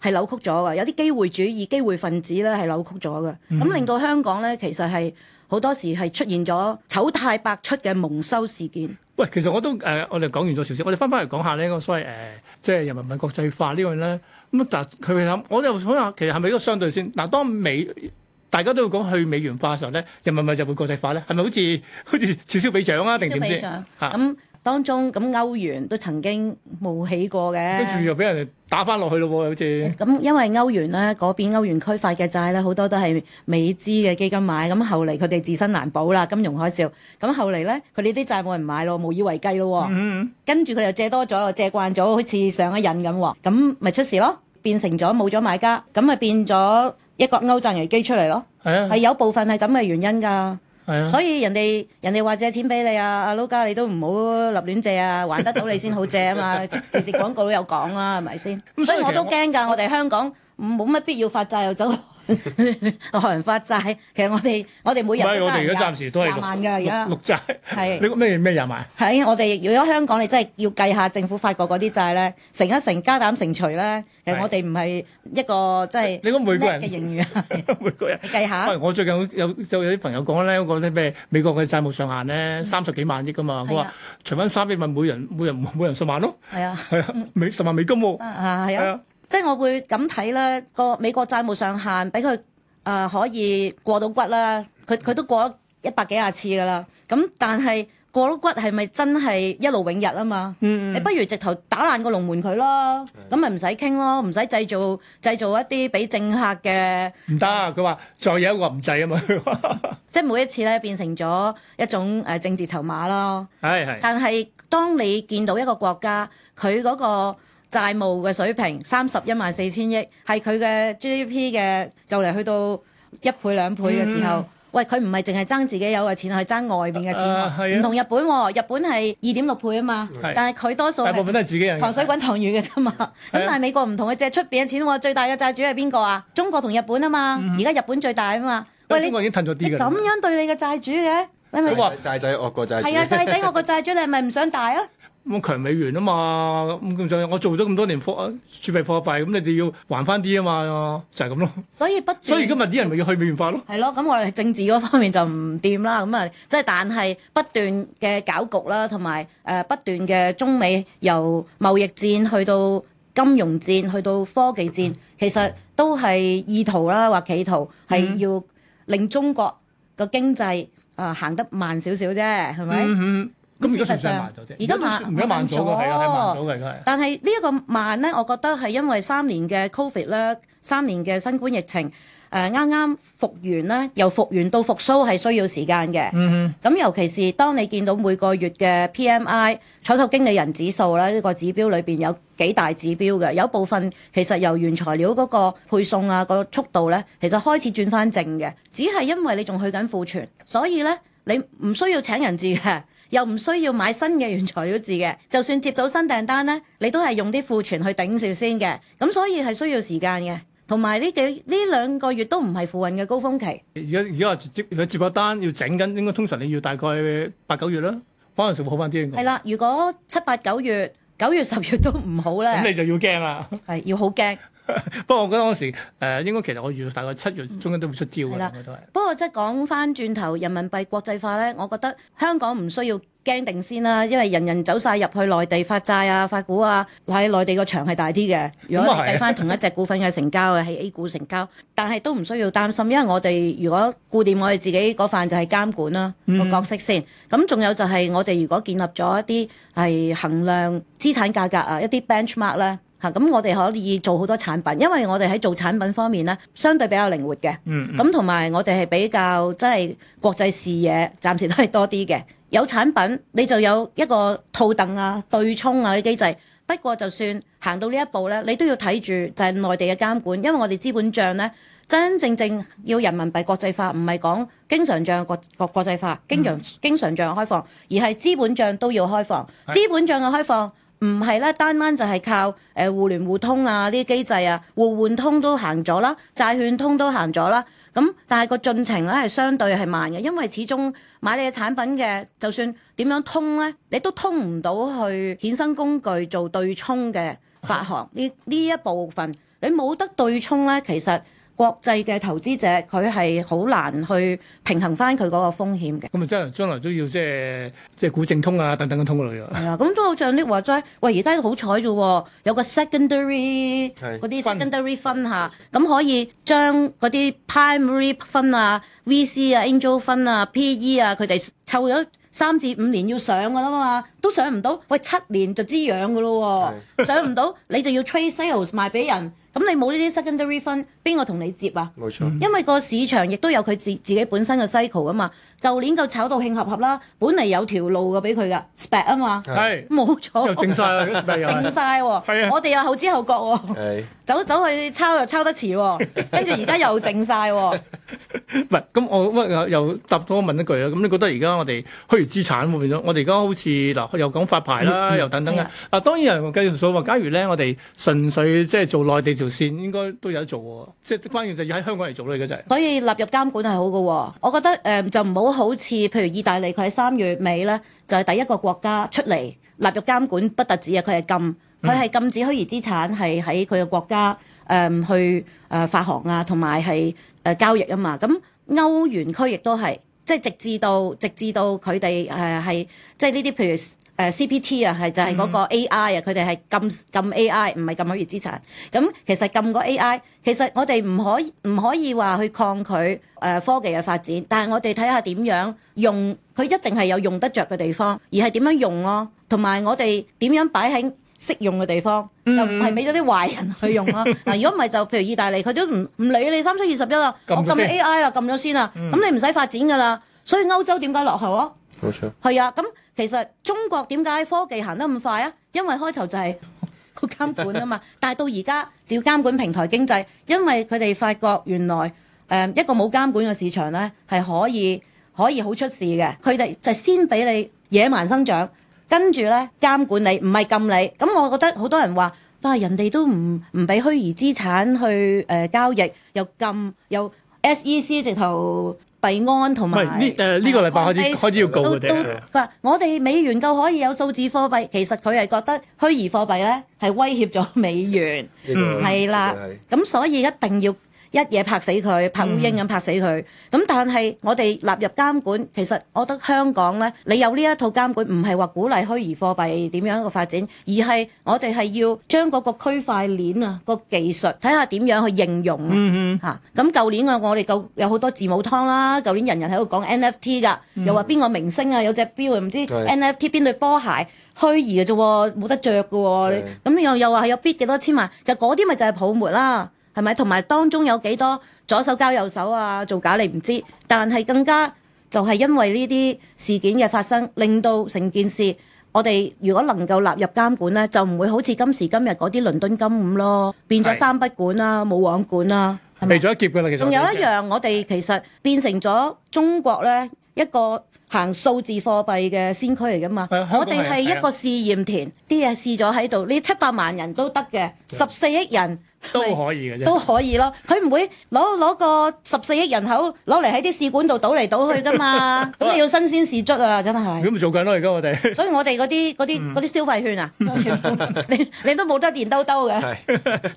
係扭曲咗嘅，有啲機會主義、機會分子咧係扭曲咗嘅。咁、嗯、令到香港咧，其實係好多時係出現咗醜態百出嘅蒙羞事件。喂，其實我都誒、呃，我哋講完咗少少，我哋翻返嚟講下呢個所謂誒、呃，即係人民幣國際化呢樣咧，咁啊，但佢諗，我又想問下，其實係咪一個相對先？嗱，當美大家都要講去美元化嘅時候咧，人民幣就會國際化咧，係咪好似好似此消彼長啊？定點先？嚇咁。當中咁歐元都曾經冇起過嘅，跟住又俾人哋打翻落去咯，好似咁，因為歐元咧嗰邊歐元區發嘅債咧，好多都係美資嘅基金買，咁後嚟佢哋自身難保啦，金融海嘯，咁後嚟咧佢呢啲債冇人買咯，無以為繼咯，嗯嗯跟住佢又借多咗，又借慣咗，好似上一癮咁，咁咪出事咯，變成咗冇咗買家，咁咪變咗一個歐債危機出嚟咯，係、啊、係有部分係咁嘅原因噶。所以人哋人哋話借錢俾你啊，阿 Luk 家你都唔好立亂借啊，還得到你先好借啊嘛。 (laughs) 其實廣告都有講啊，係咪先？ (laughs) 所以我都驚㗎， (laughs) 我哋香港冇乜必要發債又走。韓人發債，其實我哋我哋每人暫時都係廿萬嘅，而家六債係。你講咩咩廿萬？係我哋如果香港，你真係要計下政府發過嗰啲債咧，乘一乘加減乘除咧，其實我哋唔係一個即係叻嘅盈餘啊。每個人計下。我最近有有啲朋友講咧，嗰啲咩美國嘅債務上限咧，三十幾萬億噶嘛。佢話除翻三億萬，每人每人每人十萬咯。係啊係啊，每十萬美金喎。係啊。即係我會咁睇啦，個美國債務上限俾佢啊可以過到骨啦，佢佢都過一百幾廿次㗎喇。咁但係過到骨係咪真係一勞永逸啊嘛？嗯嗯，你不如直頭打爛個龍門佢咯，咁咪唔使傾咯，唔使製造製造一啲俾政客嘅。唔得行，佢話再有一個唔制啊嘛。 (laughs) 即係每一次咧變成咗一種誒政治籌碼啦。係係的。的但係當你見到一個國家佢嗰個、嗰個債務嘅水平三十一萬四千億，係佢嘅 GDP 嘅就嚟去到一倍兩倍嘅時候，喂佢唔係淨係爭自己有嘅錢，係爭外邊嘅錢，唔同日本，日本係二點六倍啊嘛。但係佢多數大部分都係自己人，糖水滾湯丸嘅啫嘛。咁但係美國唔同，佢借出邊嘅錢，最大嘅債主係邊個啊？中國同日本啊嘛。而家日本最大啊嘛。喂，中國已經褪咗啲。你咁樣對你嘅債主嘅，咁話債仔惡過債主。係啊，債仔惡過債主，你係咪唔想大啊？咁強美元啊嘛，咁咁所以我做咗咁多年貨儲備貨幣，咁你哋要還翻啲啊嘛，就係咁咯。所以今日啲人咪要去美元化咯。係咯，咁我哋政治嗰方面就唔掂啦。咁啊，即係但係不斷嘅搞局啦，同埋誒不斷嘅中美由貿易戰去到金融戰，去到科技戰，其實都係意圖啦或企圖係要令中國個經濟啊行得慢少少啫，係咪？嗯。咁而家算係慢咗啫，而家慢，而家慢咗嘅係啊，係慢咗嘅，但係呢一個慢咧，我覺得係因為三年嘅 Covid 咧，三年嘅新冠疫情誒啱啱復原咧，由復原到復甦係需要時間嘅。咁、嗯、尤其是當你見到每個月嘅 PMI 採購經理人指數咧呢、呢個指標裏邊有幾大指標嘅，有部分其實由原材料嗰個配送啊、嗰個速度咧，其實開始轉翻正嘅，只係因為你仲去緊庫存，所以咧你唔需要請人字嘅。又唔需要買新嘅原材料字嘅，就算接到新訂單咧，你都係用啲庫存去頂住先嘅，咁所以係需要時間嘅。同埋呢幾呢兩個月都唔係付運嘅高峰期。而家而家話接接，接個單要整緊，應該通常你要大概八九月啦，可能時會好翻啲？係啦，如果七八九月、九月十月都唔好咧，咁你就要驚啦，係 (laughs) 要好驚。 (laughs) 不過我覺得嗰時誒、呃，應該其實我預到大概七月中間都會出招嘅，應該的都係。不過即係講翻轉頭人民幣國際化咧，我覺得香港唔需要驚定先啦，因為人人走晒入去內地發債啊、發股啊，喺內地個場係大啲嘅。如果計翻同一隻股份嘅成交嘅喺 (laughs) A 股成交，但係都唔需要擔心，因為我哋如果顧掂我哋自己嗰份就係監管啦個角色先。咁仲、嗯、有就係我哋如果建立咗一啲係衡量資產價格啊一啲 benchmark 咧。嚇！咁我哋可以做好多產品，因為我哋喺做產品方面咧，相對比較靈活嘅、嗯。嗯，咁同埋我哋係比較真係國際視野，暫時都係多啲嘅。有產品你就有一個套戥啊、對沖啊啲機制。不過就算行到呢一步咧，你都要睇住就係內地嘅監管，因為我哋資本帳咧，真真正正要人民幣國際化，唔係講經常帳國國國際化、經常經常帳開放，而係資本帳都要開放，是資本帳嘅開放。唔係咧，單單就係靠誒互聯互通啊，呢啲機制啊，互換通都行咗啦，債券通都行咗啦。咁但係個進程咧係相對係慢嘅，因為始終買你嘅產品嘅，就算點樣通咧，你都通唔到去衍生工具做對沖嘅發行呢呢、嗯、一部分，你冇得對沖咧，其實。國際嘅投資者佢係好難去平衡翻佢嗰個風險嘅。咁啊，將來將來都要即係即係股證通啊等等咁通嘅咯喎。係啊，咁都好似啲話齋，喂而家好彩啫，有個 secondary 嗰啲是 secondary fund 吓，咁、啊、可以將嗰啲 primary fund 啊、VC 啊、angel fund 啊、PE 啊，佢哋湊咗三至五年要上嘅啦嘛。都上唔到，喂七年就滋養嘅咯喎，是的 上唔到你就要 trade sales 賣俾人，咁你冇呢啲 secondary fund，邊個同你接啊？冇沒錯，嗯、因為個市場亦都有佢自自己本身嘅 cycle 啊嘛。舊年夠炒到慶合合啦，本嚟有條路嘅俾佢噶，SPAC 啊嘛，係冇錯，淨曬啦，淨曬喎，係啊 (laughs) 了， (laughs) 是的 我哋又後知後覺喎，走走去抄又抄得遲喎、哦，跟住而家又淨晒喎。唔係，咁我又答多問一句啦？咁你覺得而家我哋虛擬資產會變咗？我哋而家好似又講發牌啦，嗯嗯、又等等嘅。嗱、哎呀啊，當然有人繼續數話，假如咧我哋純粹即係做內地條線，應該都有得做喎、哦。即、就、係、是、關鍵就係喺香港嚟做咯，你嗰陣。所以納入監管係好嘅、哦，我覺得誒、呃、就唔好好似譬如意大利，佢喺三月尾咧就係、是、第一個國家出嚟納入監管，不，不特止啊，佢係禁，佢係、嗯、禁止虛擬資產係喺佢嘅國家誒、呃、去誒、呃、發行啊，同埋係誒交易啊嘛。咁歐元區亦都係。即係直至到直至到佢哋誒係即係呢啲譬如誒 CPT 啊係就係嗰個 AI 啊佢哋係禁禁 AI 唔係禁可咗資產咁其實禁個 AI 其實我哋唔可以唔可以話去抗拒誒科技嘅發展，但係我哋睇下點樣用佢一定係有用得着嘅地方，而係點樣用咯、啊，同埋我哋點樣擺喺。適用嘅地方、嗯、就唔係俾咗啲壞人去用咯、啊。嗱， (laughs) 如果唔係就譬如意大利，佢都唔唔理你三七二十一啦，我撳 AI 啦，撳咗先啦，咁你唔使發展噶啦。所以歐洲點解落後啊？冇錯。係啊，咁其實中國點解科技行得咁快啊？因為開頭就係佢監管啊嘛。 (laughs) 但係到而家只要監管平台經濟，因為佢哋發覺原來誒、呃、一個冇監管嘅市場咧係可以可以好出事嘅。佢哋就先俾你野蠻生長，跟住咧監管你，唔係禁你。咁我覺得好多人話，啊人哋都唔唔俾虛擬資產去誒交易，又禁，又 SEC 直頭幣安同埋，呢誒呢個禮拜開始開始要告嘅啫。佢話：我哋美元夠可以有數字貨幣，其實佢係覺得虛擬貨幣咧係威脅咗美元，係啦，咁所以一定要，一嘢拍死佢，拍烏蠅咁拍死佢。咁、嗯、但係我哋納入監管，其實我覺得香港咧，你有呢一套監管，唔係話鼓勵虛擬貨幣點樣一個發展，而係我哋係要將嗰個區塊鏈啊個技術，睇下點樣去應用嚇。咁舊、嗯嗯啊、年啊，我哋舊有好多字母湯啦，舊年人人喺度講 NFT 噶，嗯、又話邊個明星啊有隻表唔知 NFT 邊對,對波鞋虛擬嘅、啊、啫，冇得着嘅喎。咁對又又話係有 bid 幾多千萬，其實嗰啲咪就係泡沫啦。係咪？同埋當中有幾多左手交右手啊？做假你唔知，但係更加就係因為呢啲事件嘅發生，令到成件事我哋如果能夠納入監管呢，就唔會好似今時今日嗰啲倫敦金五咯，變咗三不管啊，冇往管啊，係未咗一劫㗎，其實。仲有一樣，我哋其實變成咗中國呢一個行數字貨幣嘅先驅嚟㗎嘛。我哋係一個試驗田，啲嘢試咗喺度。呢七百萬人都得嘅，十四億人。都可以嘅啫，都可以咯。佢唔會攞攞個十四億人口攞嚟喺啲試管度倒嚟倒去㗎嘛。咁你要新鮮事出啊，真係。咁咪做緊咯，而家我哋。所以我哋嗰啲啲啲消費券啊，你你都冇得電兜兜嘅。係，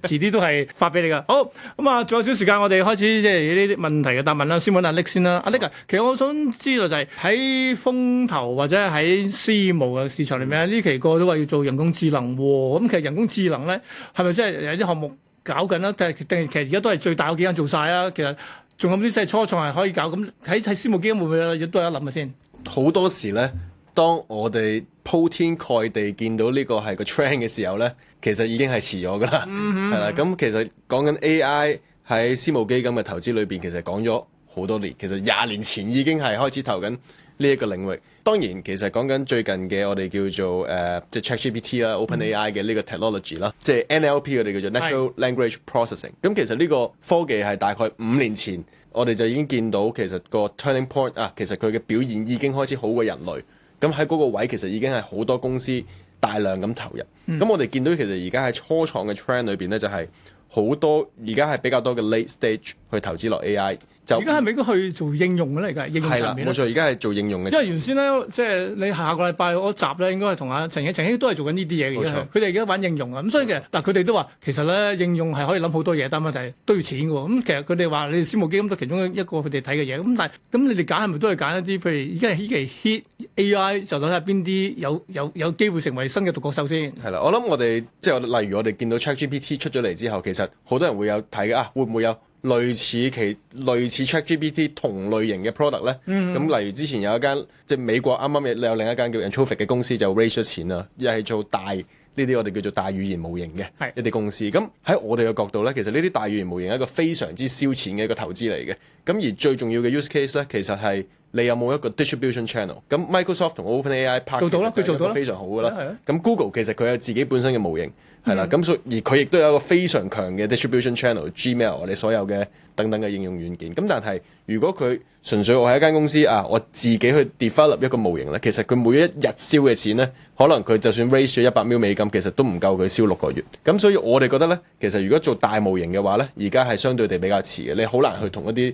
遲啲都係發俾你㗎。好，咁啊，仲有少少時間，我哋開始即係呢啲問題嘅答問啦。先揾阿 Nick 先啦。阿 Nick 啊，其實我想知道就係喺風投或者喺私募嘅市場裡面，呢期個個都話要做人工智能喎。咁其實人工智能咧，係咪真係有啲項目？搞緊啦，但係其實而家都係最大嗰幾間做晒啦。其實仲、啊、有啲即係初創係可以搞，咁喺喺私募基金會唔會亦都有一諗嘅先？好多時咧，當我哋鋪天蓋地見到呢個係個 trend 嘅時候咧，其實已經係遲咗噶啦。係啦、mm，咁、hmm. 嗯嗯嗯、其實講緊 AI 喺私募基金嘅投資裏邊，其實講咗好多年。其實廿年前已經係開始投緊呢一個領域。當然，其實講緊最近嘅我哋叫做誒，即係 ChatGPT 啦、OpenAI 嘅呢個 technology 啦、嗯，即係 NLP 我哋叫做 natural language processing 是。咁、嗯、其實呢個科技係大概五年前，我哋就已經見到其實個 turning point 啊，其實佢嘅表現已經開始好過人類。咁喺嗰個位，其實已經係好多公司大量咁投入。咁、嗯、我哋見到其實而家喺初創嘅 trend 裏邊咧，就係、是、好多而家係比較多嘅 late stage 去投資落 AI。而家係咪應該去做應用嘅咧？而家應用層面冇錯，而家係做應用嘅。因為原先咧，即係你下個禮拜我集咧，應該係同阿陳興、陳興都係做緊呢啲嘢嘅。佢哋而家玩應用啊，咁所以其實嗱，佢哋都話，其實咧應用係可以諗好多嘢，但係問題都要錢嘅。咁、嗯、其實佢哋話你哋私募基金都其中一個佢哋睇嘅嘢。咁、嗯、但係咁、嗯、你哋揀係咪都係揀一啲譬如而家今期 hit AI 就睇下邊啲有有有機會成為新嘅獨角獸先？係啦，我諗我哋即係例如我哋見到 ChatGPT 出咗嚟之後，其實好多人會有睇啊，會唔會有？類似其類似 ChatGPT 同類型嘅 product 咧、嗯嗯，咁例如之前有一間即係美國啱啱有另一間叫 Anthropic 嘅公司就 raise 咗錢啦，又係做大呢啲我哋叫做大語言模型嘅是一啲公司。咁喺我哋嘅角度咧，其實呢啲大語言模型係一個非常之燒錢嘅一個投資嚟嘅。咁而最重要嘅 use case 咧，其實係你有冇一個 distribution channel。咁 Microsoft 同 OpenAI 做到啦，佢做到非常好㗎啦。咁 Google 其實佢有自己本身嘅模型。係啦，咁，mm hmm. 所以而佢亦都有一個非常強嘅 distribution channel Gmail，你所有嘅等等嘅應用軟件。咁但係如果佢純粹我係一間公司啊，我自己去 develop 一個模型咧，其實佢每一日燒嘅錢呢，可能佢就算 raise 咗一百 mil 美金，其實都唔夠佢燒六個月。咁所以我哋覺得呢，其實如果做大模型嘅話呢，而家係相對地比較遲嘅，你好難去同一啲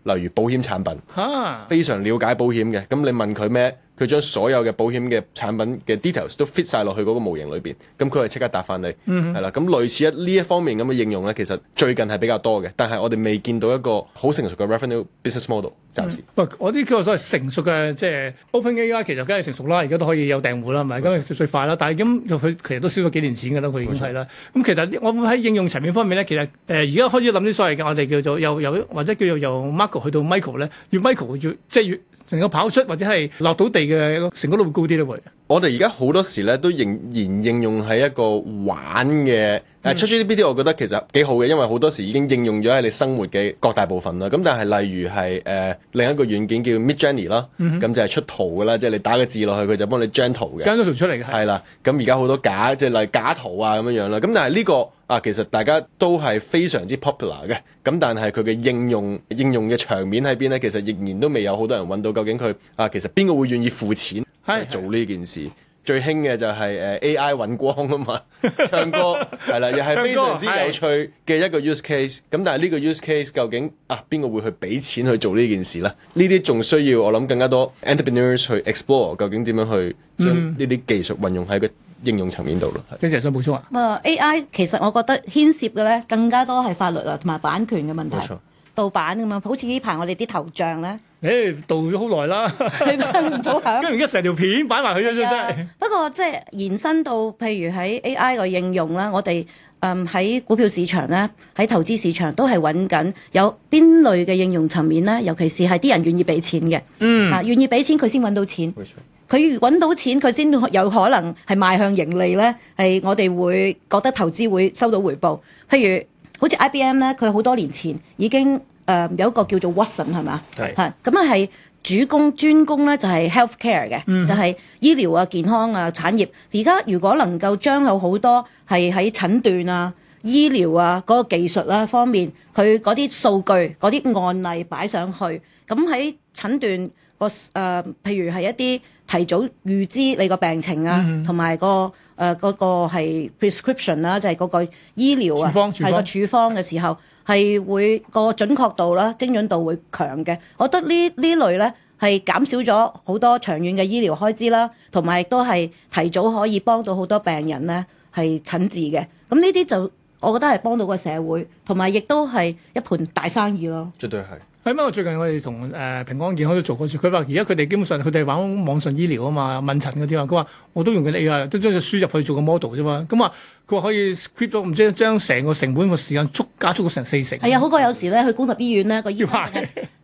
例如保險產品，非常了解保險嘅，咁你問佢咩，佢將所有嘅保險嘅產品嘅 details 都 fit 晒落去嗰個模型裏邊，咁佢係即刻答翻你，係啦、嗯哼。咁、嗯、類似一呢一方面咁嘅應用咧，其實最近係比較多嘅，但係我哋未見到一個好成熟嘅 revenue business model 暫時。喂、嗯，我啲叫做所謂成熟嘅即係 open AI，其實梗係成熟啦，而家都可以有訂戶啦，係咪、嗯哼？咁啊最快啦，但係咁佢其實都燒咗幾年錢㗎啦，佢。係啦、嗯哼，咁、嗯嗯、其實我喺應用層面方面咧，其實誒而家可以諗啲所謂嘅我哋叫做又又或者叫做由去到 Michael 咧，越 Michael 越即係越能夠跑出或者係落到地嘅成功率會高啲咯。我哋而家好多時咧都仍然應用喺一個玩嘅，誒、嗯，出 GPT，我覺得其實幾好嘅，因為好多時已經應用咗喺你生活嘅各大部分啦。咁但係例如係誒、呃、另一個軟件叫 Midjourney 咯，咁就係出圖噶啦，即、就、係、是、你打個字落去，佢就幫你張圖嘅，張咗圖出嚟嘅係啦。咁而家好多假即係、就是、例如假圖啊咁樣樣啦。咁但係呢、這個。啊，其實大家都係非常之 popular 嘅，咁但係佢嘅應用應用嘅場面喺邊呢？其實仍然都未有好多人揾到究竟佢啊，其實邊個會願意付錢做呢件事？是是最興嘅就係、是、誒、啊、AI 揾光啊嘛，唱歌係啦，又係 (laughs) 非常之有趣嘅一個 use case。咁但係呢個 use case 究竟啊，邊個會去俾錢去做呢件事呢？呢啲仲需要我諗更加多 entrepreneurs 去 explore，究竟點樣去將呢啲技術運用喺佢應用層面度咯、嗯，張姐想補充下。誒，AI 其實我覺得牽涉嘅咧更加多係法律啊，同埋版權嘅問題，盜錯版咁啊，好似呢排我哋啲頭像咧，誒盜咗好耐啦，跟住而家成條片擺埋佢咗啫。嗯、不過即係、就是、延伸到，譬如喺 AI 個應用啦，我哋誒喺股票市場咧，喺投資市場都係揾緊有邊類嘅應用層面咧，尤其是係啲人願意俾錢嘅，嗯、啊，願意俾錢佢先揾到錢。佢揾到錢，佢先有可能係邁向盈利咧。係我哋會覺得投資會收到回報。譬如好似 IBM 咧，佢好多年前已經誒、呃、有一個叫做 Watson 係嘛，係咁啊係主攻專攻咧就係、是、health care 嘅，嗯、哼就係醫療啊健康啊產業。而家如果能夠將有好多係喺診斷啊醫療啊嗰、那個技術啦、啊、方面，佢嗰啲數據嗰啲案例擺上去，咁喺診斷。個誒、呃，譬如係一啲提早預知你個病情啊，同埋、嗯嗰個誒嗰、呃嗰個係 prescription 啦、啊，就係、係、嗰個醫療啊，係個處方嘅時候，係的會個準確度啦、精準度會強嘅。我覺得類呢呢類咧係減少咗好多長遠嘅醫療開支啦，同埋亦都係提早可以幫到好多病人咧係診治嘅。咁呢啲就我覺得係幫到個社會，同埋亦都係一盤大生意咯。絕對係。係咩？我最近我哋同誒平安健康都做過事，佢話而家佢哋基本上佢哋玩網上醫療啊嘛，問診嗰啲啊，佢話。我都用嘅 AI，都將佢輸入去做個 model 啫嘛。咁啊，佢話可以 skip 咗，唔知將成個成本個時間縮加足到成四成。係啊，好過有時咧，去公立醫院咧，個醫排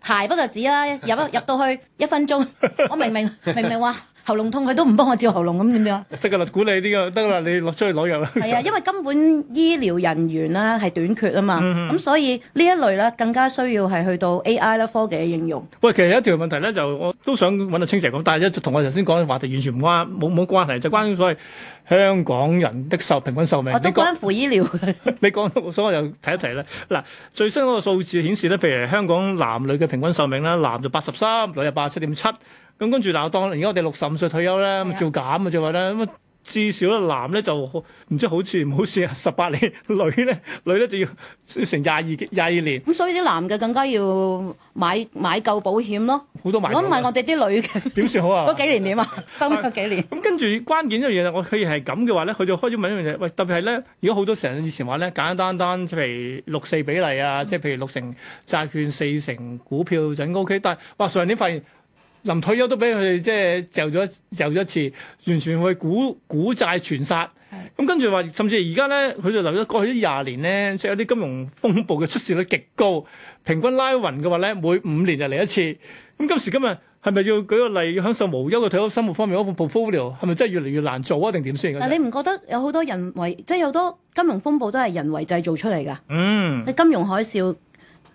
排不就止啦，入入到去 (laughs) 一分鐘，我明明明明話喉嚨痛，佢都唔幫我照喉嚨咁點樣，樣？得個律管你呢㗎，得啦，你落出去攞藥啦。係啊，因為根本醫療人員咧係短缺啊嘛，咁、嗯哼嗯、所以呢一類咧更加需要係去到 AI 咧科技嘅應用。喂，其實有一條問題咧就我都想揾阿清姐講，但係一同我頭先講嘅話題完全唔啱，冇冇關。關係就關於所謂香港人的壽平均壽命，我關乎醫療。 (laughs) 你講，所以我又提一提咧。嗱，最新嗰個數字顯示咧，譬如香港男女嘅平均壽命咧，男就八十三，女就八十七點七。咁跟住嗱，當如果我哋六十五歲退休咧，咪、啊、照減嘅就話咧咁至少男咧就好唔知好似唔好似啊，十八年；女咧女咧就要，要成廿二廿二年。咁所以啲男嘅更加要買買夠保險咯。好多買，如果唔係我哋啲女嘅點算好啊？嗰幾年點啊？三十、 (laughs) 啊、幾年。咁、啊嗯、跟住關鍵一樣嘢我可以係咁嘅話咧，佢就開始問一樣嘢。喂，特別係咧，如果好多成日以前話咧，簡單單即係譬如六四比例啊，即係、嗯、譬如六成債券、四成股票就應該 OK，但係哇，上年啲發現。臨退休都俾佢即係就咗就咗一次，完全去股股債全殺。咁、嗯嗯、跟住話，甚至而家咧，佢就留咗過去啲廿年咧，即、就、係、是、有啲金融風暴嘅出事率極高，平均拉勻嘅話咧，每五年就嚟一次。咁今時今日係咪要舉個例，要享受無憂嘅退休生活方面嗰個 portfolio 係咪真係越嚟越難做啊？定點先？但你唔覺得有好多人為，即係有好多金融風暴都係人為製造出嚟㗎？嗯，金融海嘯，誒、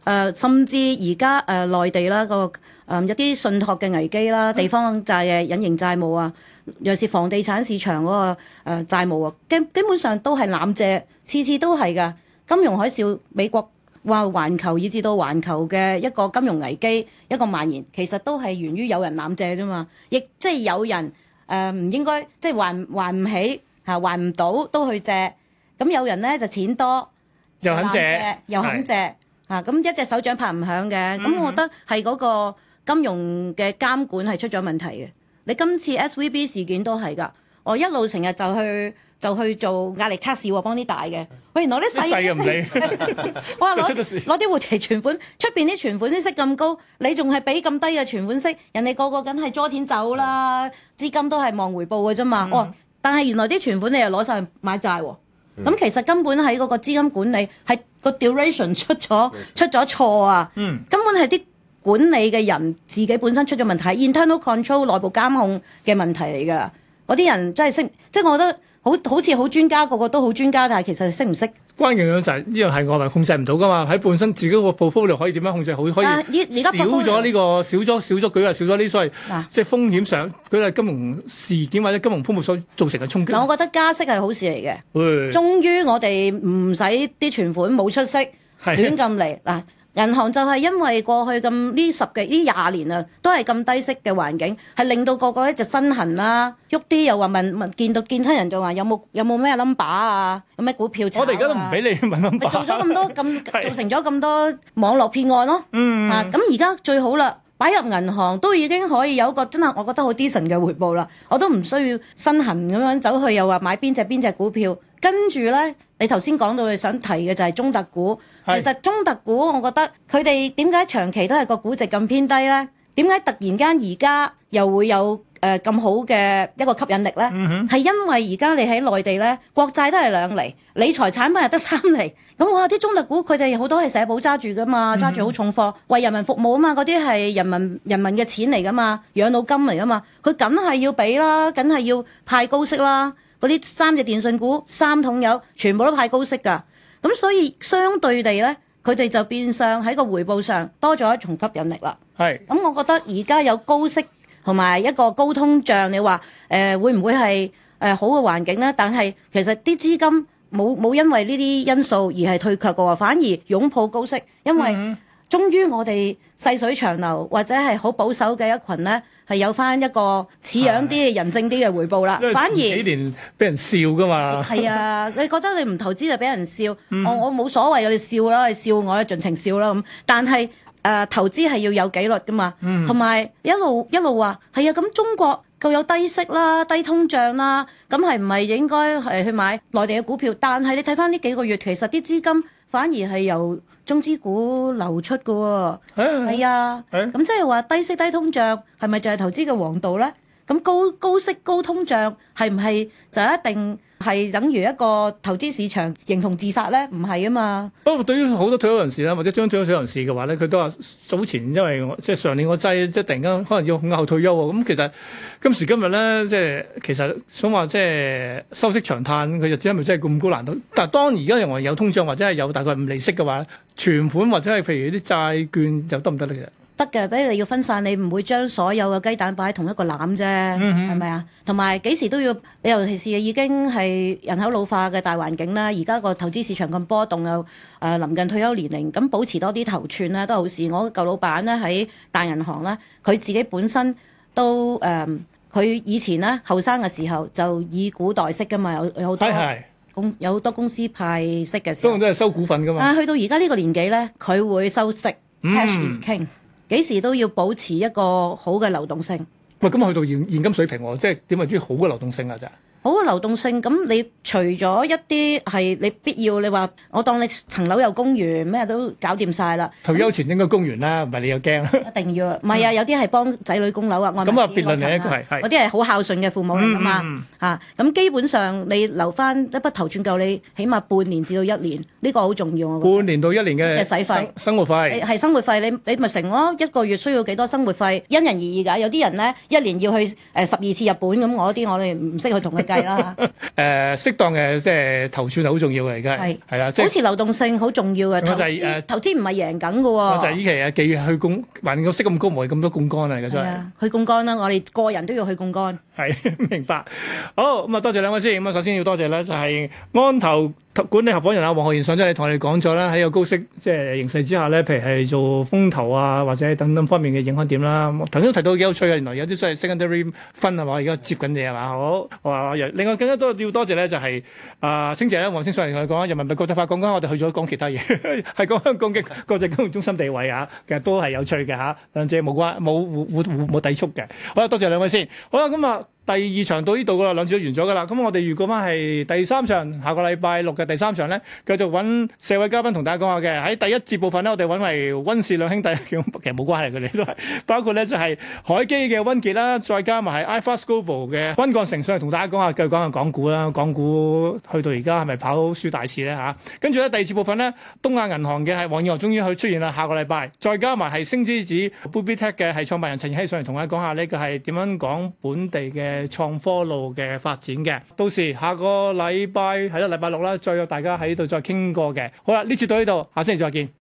嗯，甚至而家誒內地啦嗰、那個嗯誒一啲信託嘅危機啦，地方債嘅隱形債務啊，尤其是房地產市場嗰個誒債務啊，基基本上都係攬借，次次都係㗎。金融海嘯，美國話環球以至到環球嘅一個金融危機一個蔓延，其實都係源於有人攬借啫嘛。亦即係有人誒唔、呃、應該即係還還唔起嚇還唔到都去借，咁有人咧就錢多又，又肯借又肯借嚇，咁是、啊、一隻手掌拍唔響嘅。咁我覺得係嗰、嗰個。嗯金融嘅監管係出咗問題嘅，你今次 SVB 事件都係噶，我一路成日就去就去做壓力測試，幫啲大嘅，喂，原來啲細嘅，我係攞攞啲活期存款，出邊啲存款先息咁高，你仲係俾咁低嘅存款息，人哋個個梗係攞錢走啦，資金都係望回報嘅啫嘛，嗯、哦，但係原來啲存款你又攞曬去買債喎、啊，咁、嗯嗯、其實根本喺嗰個資金管理係個 duration 出咗出咗錯啊，嗯、根本係啲。管理嘅人自己本身出咗問題，internal control 內部監控嘅問題嚟噶。嗰啲人真係識，即係我覺得好好似好專家，個個都好專家，但係其實識唔識，關鍵就係呢樣，係外圍控制唔到噶嘛，喺本身自己個報銷量可以點樣控制好？可以少咗呢、這個少咗少咗舉啊，少咗呢所謂即係風險上舉例金融事件或者金融風暴所造成嘅衝擊。我覺得加息係好事嚟嘅，終於我哋唔使啲存款冇出息，亂咁嚟嗱。銀行就係因為過去咁呢十幾呢廿年啊，都係咁低息嘅環境，係令到個個一隻身痕啦，喐啲又話問問，見到見親人就話有冇有冇咩 number 啊，有咩股票、啊？我哋而家都唔俾你問 number、啊、做咗咁多咁，造成咗咁多網絡騙案咯、啊 (laughs) 是啊。嗯，嗯，嗯啊，咁而家最好啦，擺入銀行都已經可以有個真係，我覺得好 decent 嘅回報啦。我都唔需要身痕咁樣走去又，又話買邊隻邊隻股票。跟住咧，你頭先講到你想提嘅就係中特股。是其實中特股，我覺得佢哋點解長期都係個估值咁偏低呢？點解突然間而家又會有誒咁、呃、好嘅一個吸引力呢？係、嗯、哼因為而家你喺內地呢，國債都係兩厘，理財產品係得三厘。咁哇！啲中特股佢哋好多係社保揸住噶嘛，揸住好重貨，為人民服務啊嘛，嗰啲係人民人民嘅錢嚟噶嘛，養老金嚟噶嘛，佢梗係要俾啦，梗係要派高息啦。嗰啲三隻電信股、三桶油全部都派高息噶。咁所以相對地呢，佢哋就變相喺個回報上多咗一重吸引力啦。係是，咁我覺得而家有高息同埋一個高通脹，你話誒、呃、會唔會係誒、呃、好嘅環境呢？但係其實啲資金冇冇因為呢啲因素而係退卻嘅喎，反而擁抱高息，因為、嗯。終於，終於我哋細水長流或者係好保守嘅一群呢，係有翻一個似樣啲、嘅、啊、人性啲嘅回報啦。反而幾年俾人笑噶嘛？係啊，你覺得你唔投資就俾人笑，嗯、我冇所謂，你笑啦，你笑我啊盡情笑啦咁。但係誒、呃、投資係要有紀律噶嘛，同埋、嗯、一路一路話係啊，咁中國夠有低息啦、低通脹啦，咁係唔係應該係去買內地嘅股票？但係你睇翻呢幾個月，其實啲資金。反而係由中資股流出嘅喎，係啊，咁即係話低息低通脹係咪就係投資嘅黃道咧？咁高高息高通脹係唔係就一定？係等於一個投資市場形同自殺咧，唔係啊嘛。不過對於好多退休人士啦，或者將退休人士嘅話咧，佢都話早前因為即係上年個債，即係突然間可能要後退休喎。咁、嗯、其實今時今日咧，即係其實想話即係收息長嘆，佢就只係咪真係咁高難度？但係當而家認為有通脹或者係有大概五利息嘅話，存款或者係譬如啲債券就得唔得咧？其實得嘅，比如你要分散，你唔會將所有嘅雞蛋擺喺同一個籃啫，係咪啊？同埋幾時都要，尤其是已經係人口老化嘅大環境啦。而家個投資市場咁波動又誒、呃，臨近退休年齡，咁保持多啲頭寸啦，都好事。我舊老闆咧喺大銀行啦，佢自己本身都誒，佢、呃、以前咧後生嘅時候就以股代息嘅嘛，有好多係是公有好多公司派息嘅，通常都係收股份噶嘛。但係、啊、去到而家呢個年紀咧，佢會收息、mm.，cash is king 幾時都要保持一個好嘅流動性。喂，咁去到現現金水平喎，啊，即係點為之好嘅流動性啊？咋？好啊，流動性咁，你除咗一啲係你必要，你話我當你層樓又供完，咩都搞掂晒啦。退休前應該供完啦，唔係你又驚？嗯、一定要，唔係啊，有啲係幫仔女供樓啊。咁、嗯、啊，別論係一個係，啲係好孝順嘅父母嚟噶嘛嚇。咁、嗯啊、基本上你留翻一筆頭寸夠，你起碼半年至到一年，呢、呢個好重要啊。半年到一年嘅使費生，生活費係生活費，你你咪成咯一個月需要幾多生活費？因人而異㗎。有啲人咧一年要去誒十二次日本咁，我啲我哋唔識去同佢 (laughs) 係啦，誒適當嘅即係投算係好重要嘅。而家係係啦，即係好似流動性好重要嘅投資，投資唔係贏緊嘅喎。就呢期啊，記去供還個息咁高，冇咁多槓桿嚟嘅真係。去槓桿啦，我哋個人都要去槓桿。係明白。好咁啊，多謝兩位先。咁啊，首先要多謝咧，就係安投。管理合伙人，啊，王浩然上咗嚟同我哋講咗啦，喺個高息即係形勢之下咧，譬如係做風投啊，或者等等方面嘅影響點啦。頭先提到幾有趣啊，原來有啲所謂 secondary 分係嘛，而家接緊嘢係嘛，好。我話另外更加多要多謝咧、就是，就係啊，青姐咧，胡青上嚟同佢講啊，人民幣國際化，講緊我哋去咗講其他嘢，係 (laughs) 講香港嘅國際金融中心地位啊。其實都係有趣嘅吓，兩者冇關冇互冇抵觸嘅。好，多謝兩位先。好啦，咁啊。嗯第二場到呢度㗎啦，兩節都完咗㗎啦，咁我哋預告翻係第三場，下個禮拜六嘅第三場咧，繼續揾四位嘉賓同大家講下嘅。喺第一節部分咧，我哋揾為温氏兩兄弟，其實冇關係，佢哋都係，包括咧就係海基嘅温傑啦，再加埋係 iFast Global 嘅温鋼城上嚟同大家講下，繼續講下港股啦，港股去到而家係咪跑輸大市咧嚇？跟住咧第二節部分咧，東亞銀行嘅係黃耀忠終於去出現啦，下個禮拜再加埋係星之子 Bull.b Tech 嘅係創辦人陳易希上嚟同大家講下咧，呢個係點樣講本地嘅。誒，創科路嘅發展嘅。到時下個禮拜係啦，禮拜六啦，再約大家喺度再傾過嘅。好啦，呢次到呢度，下星期再見。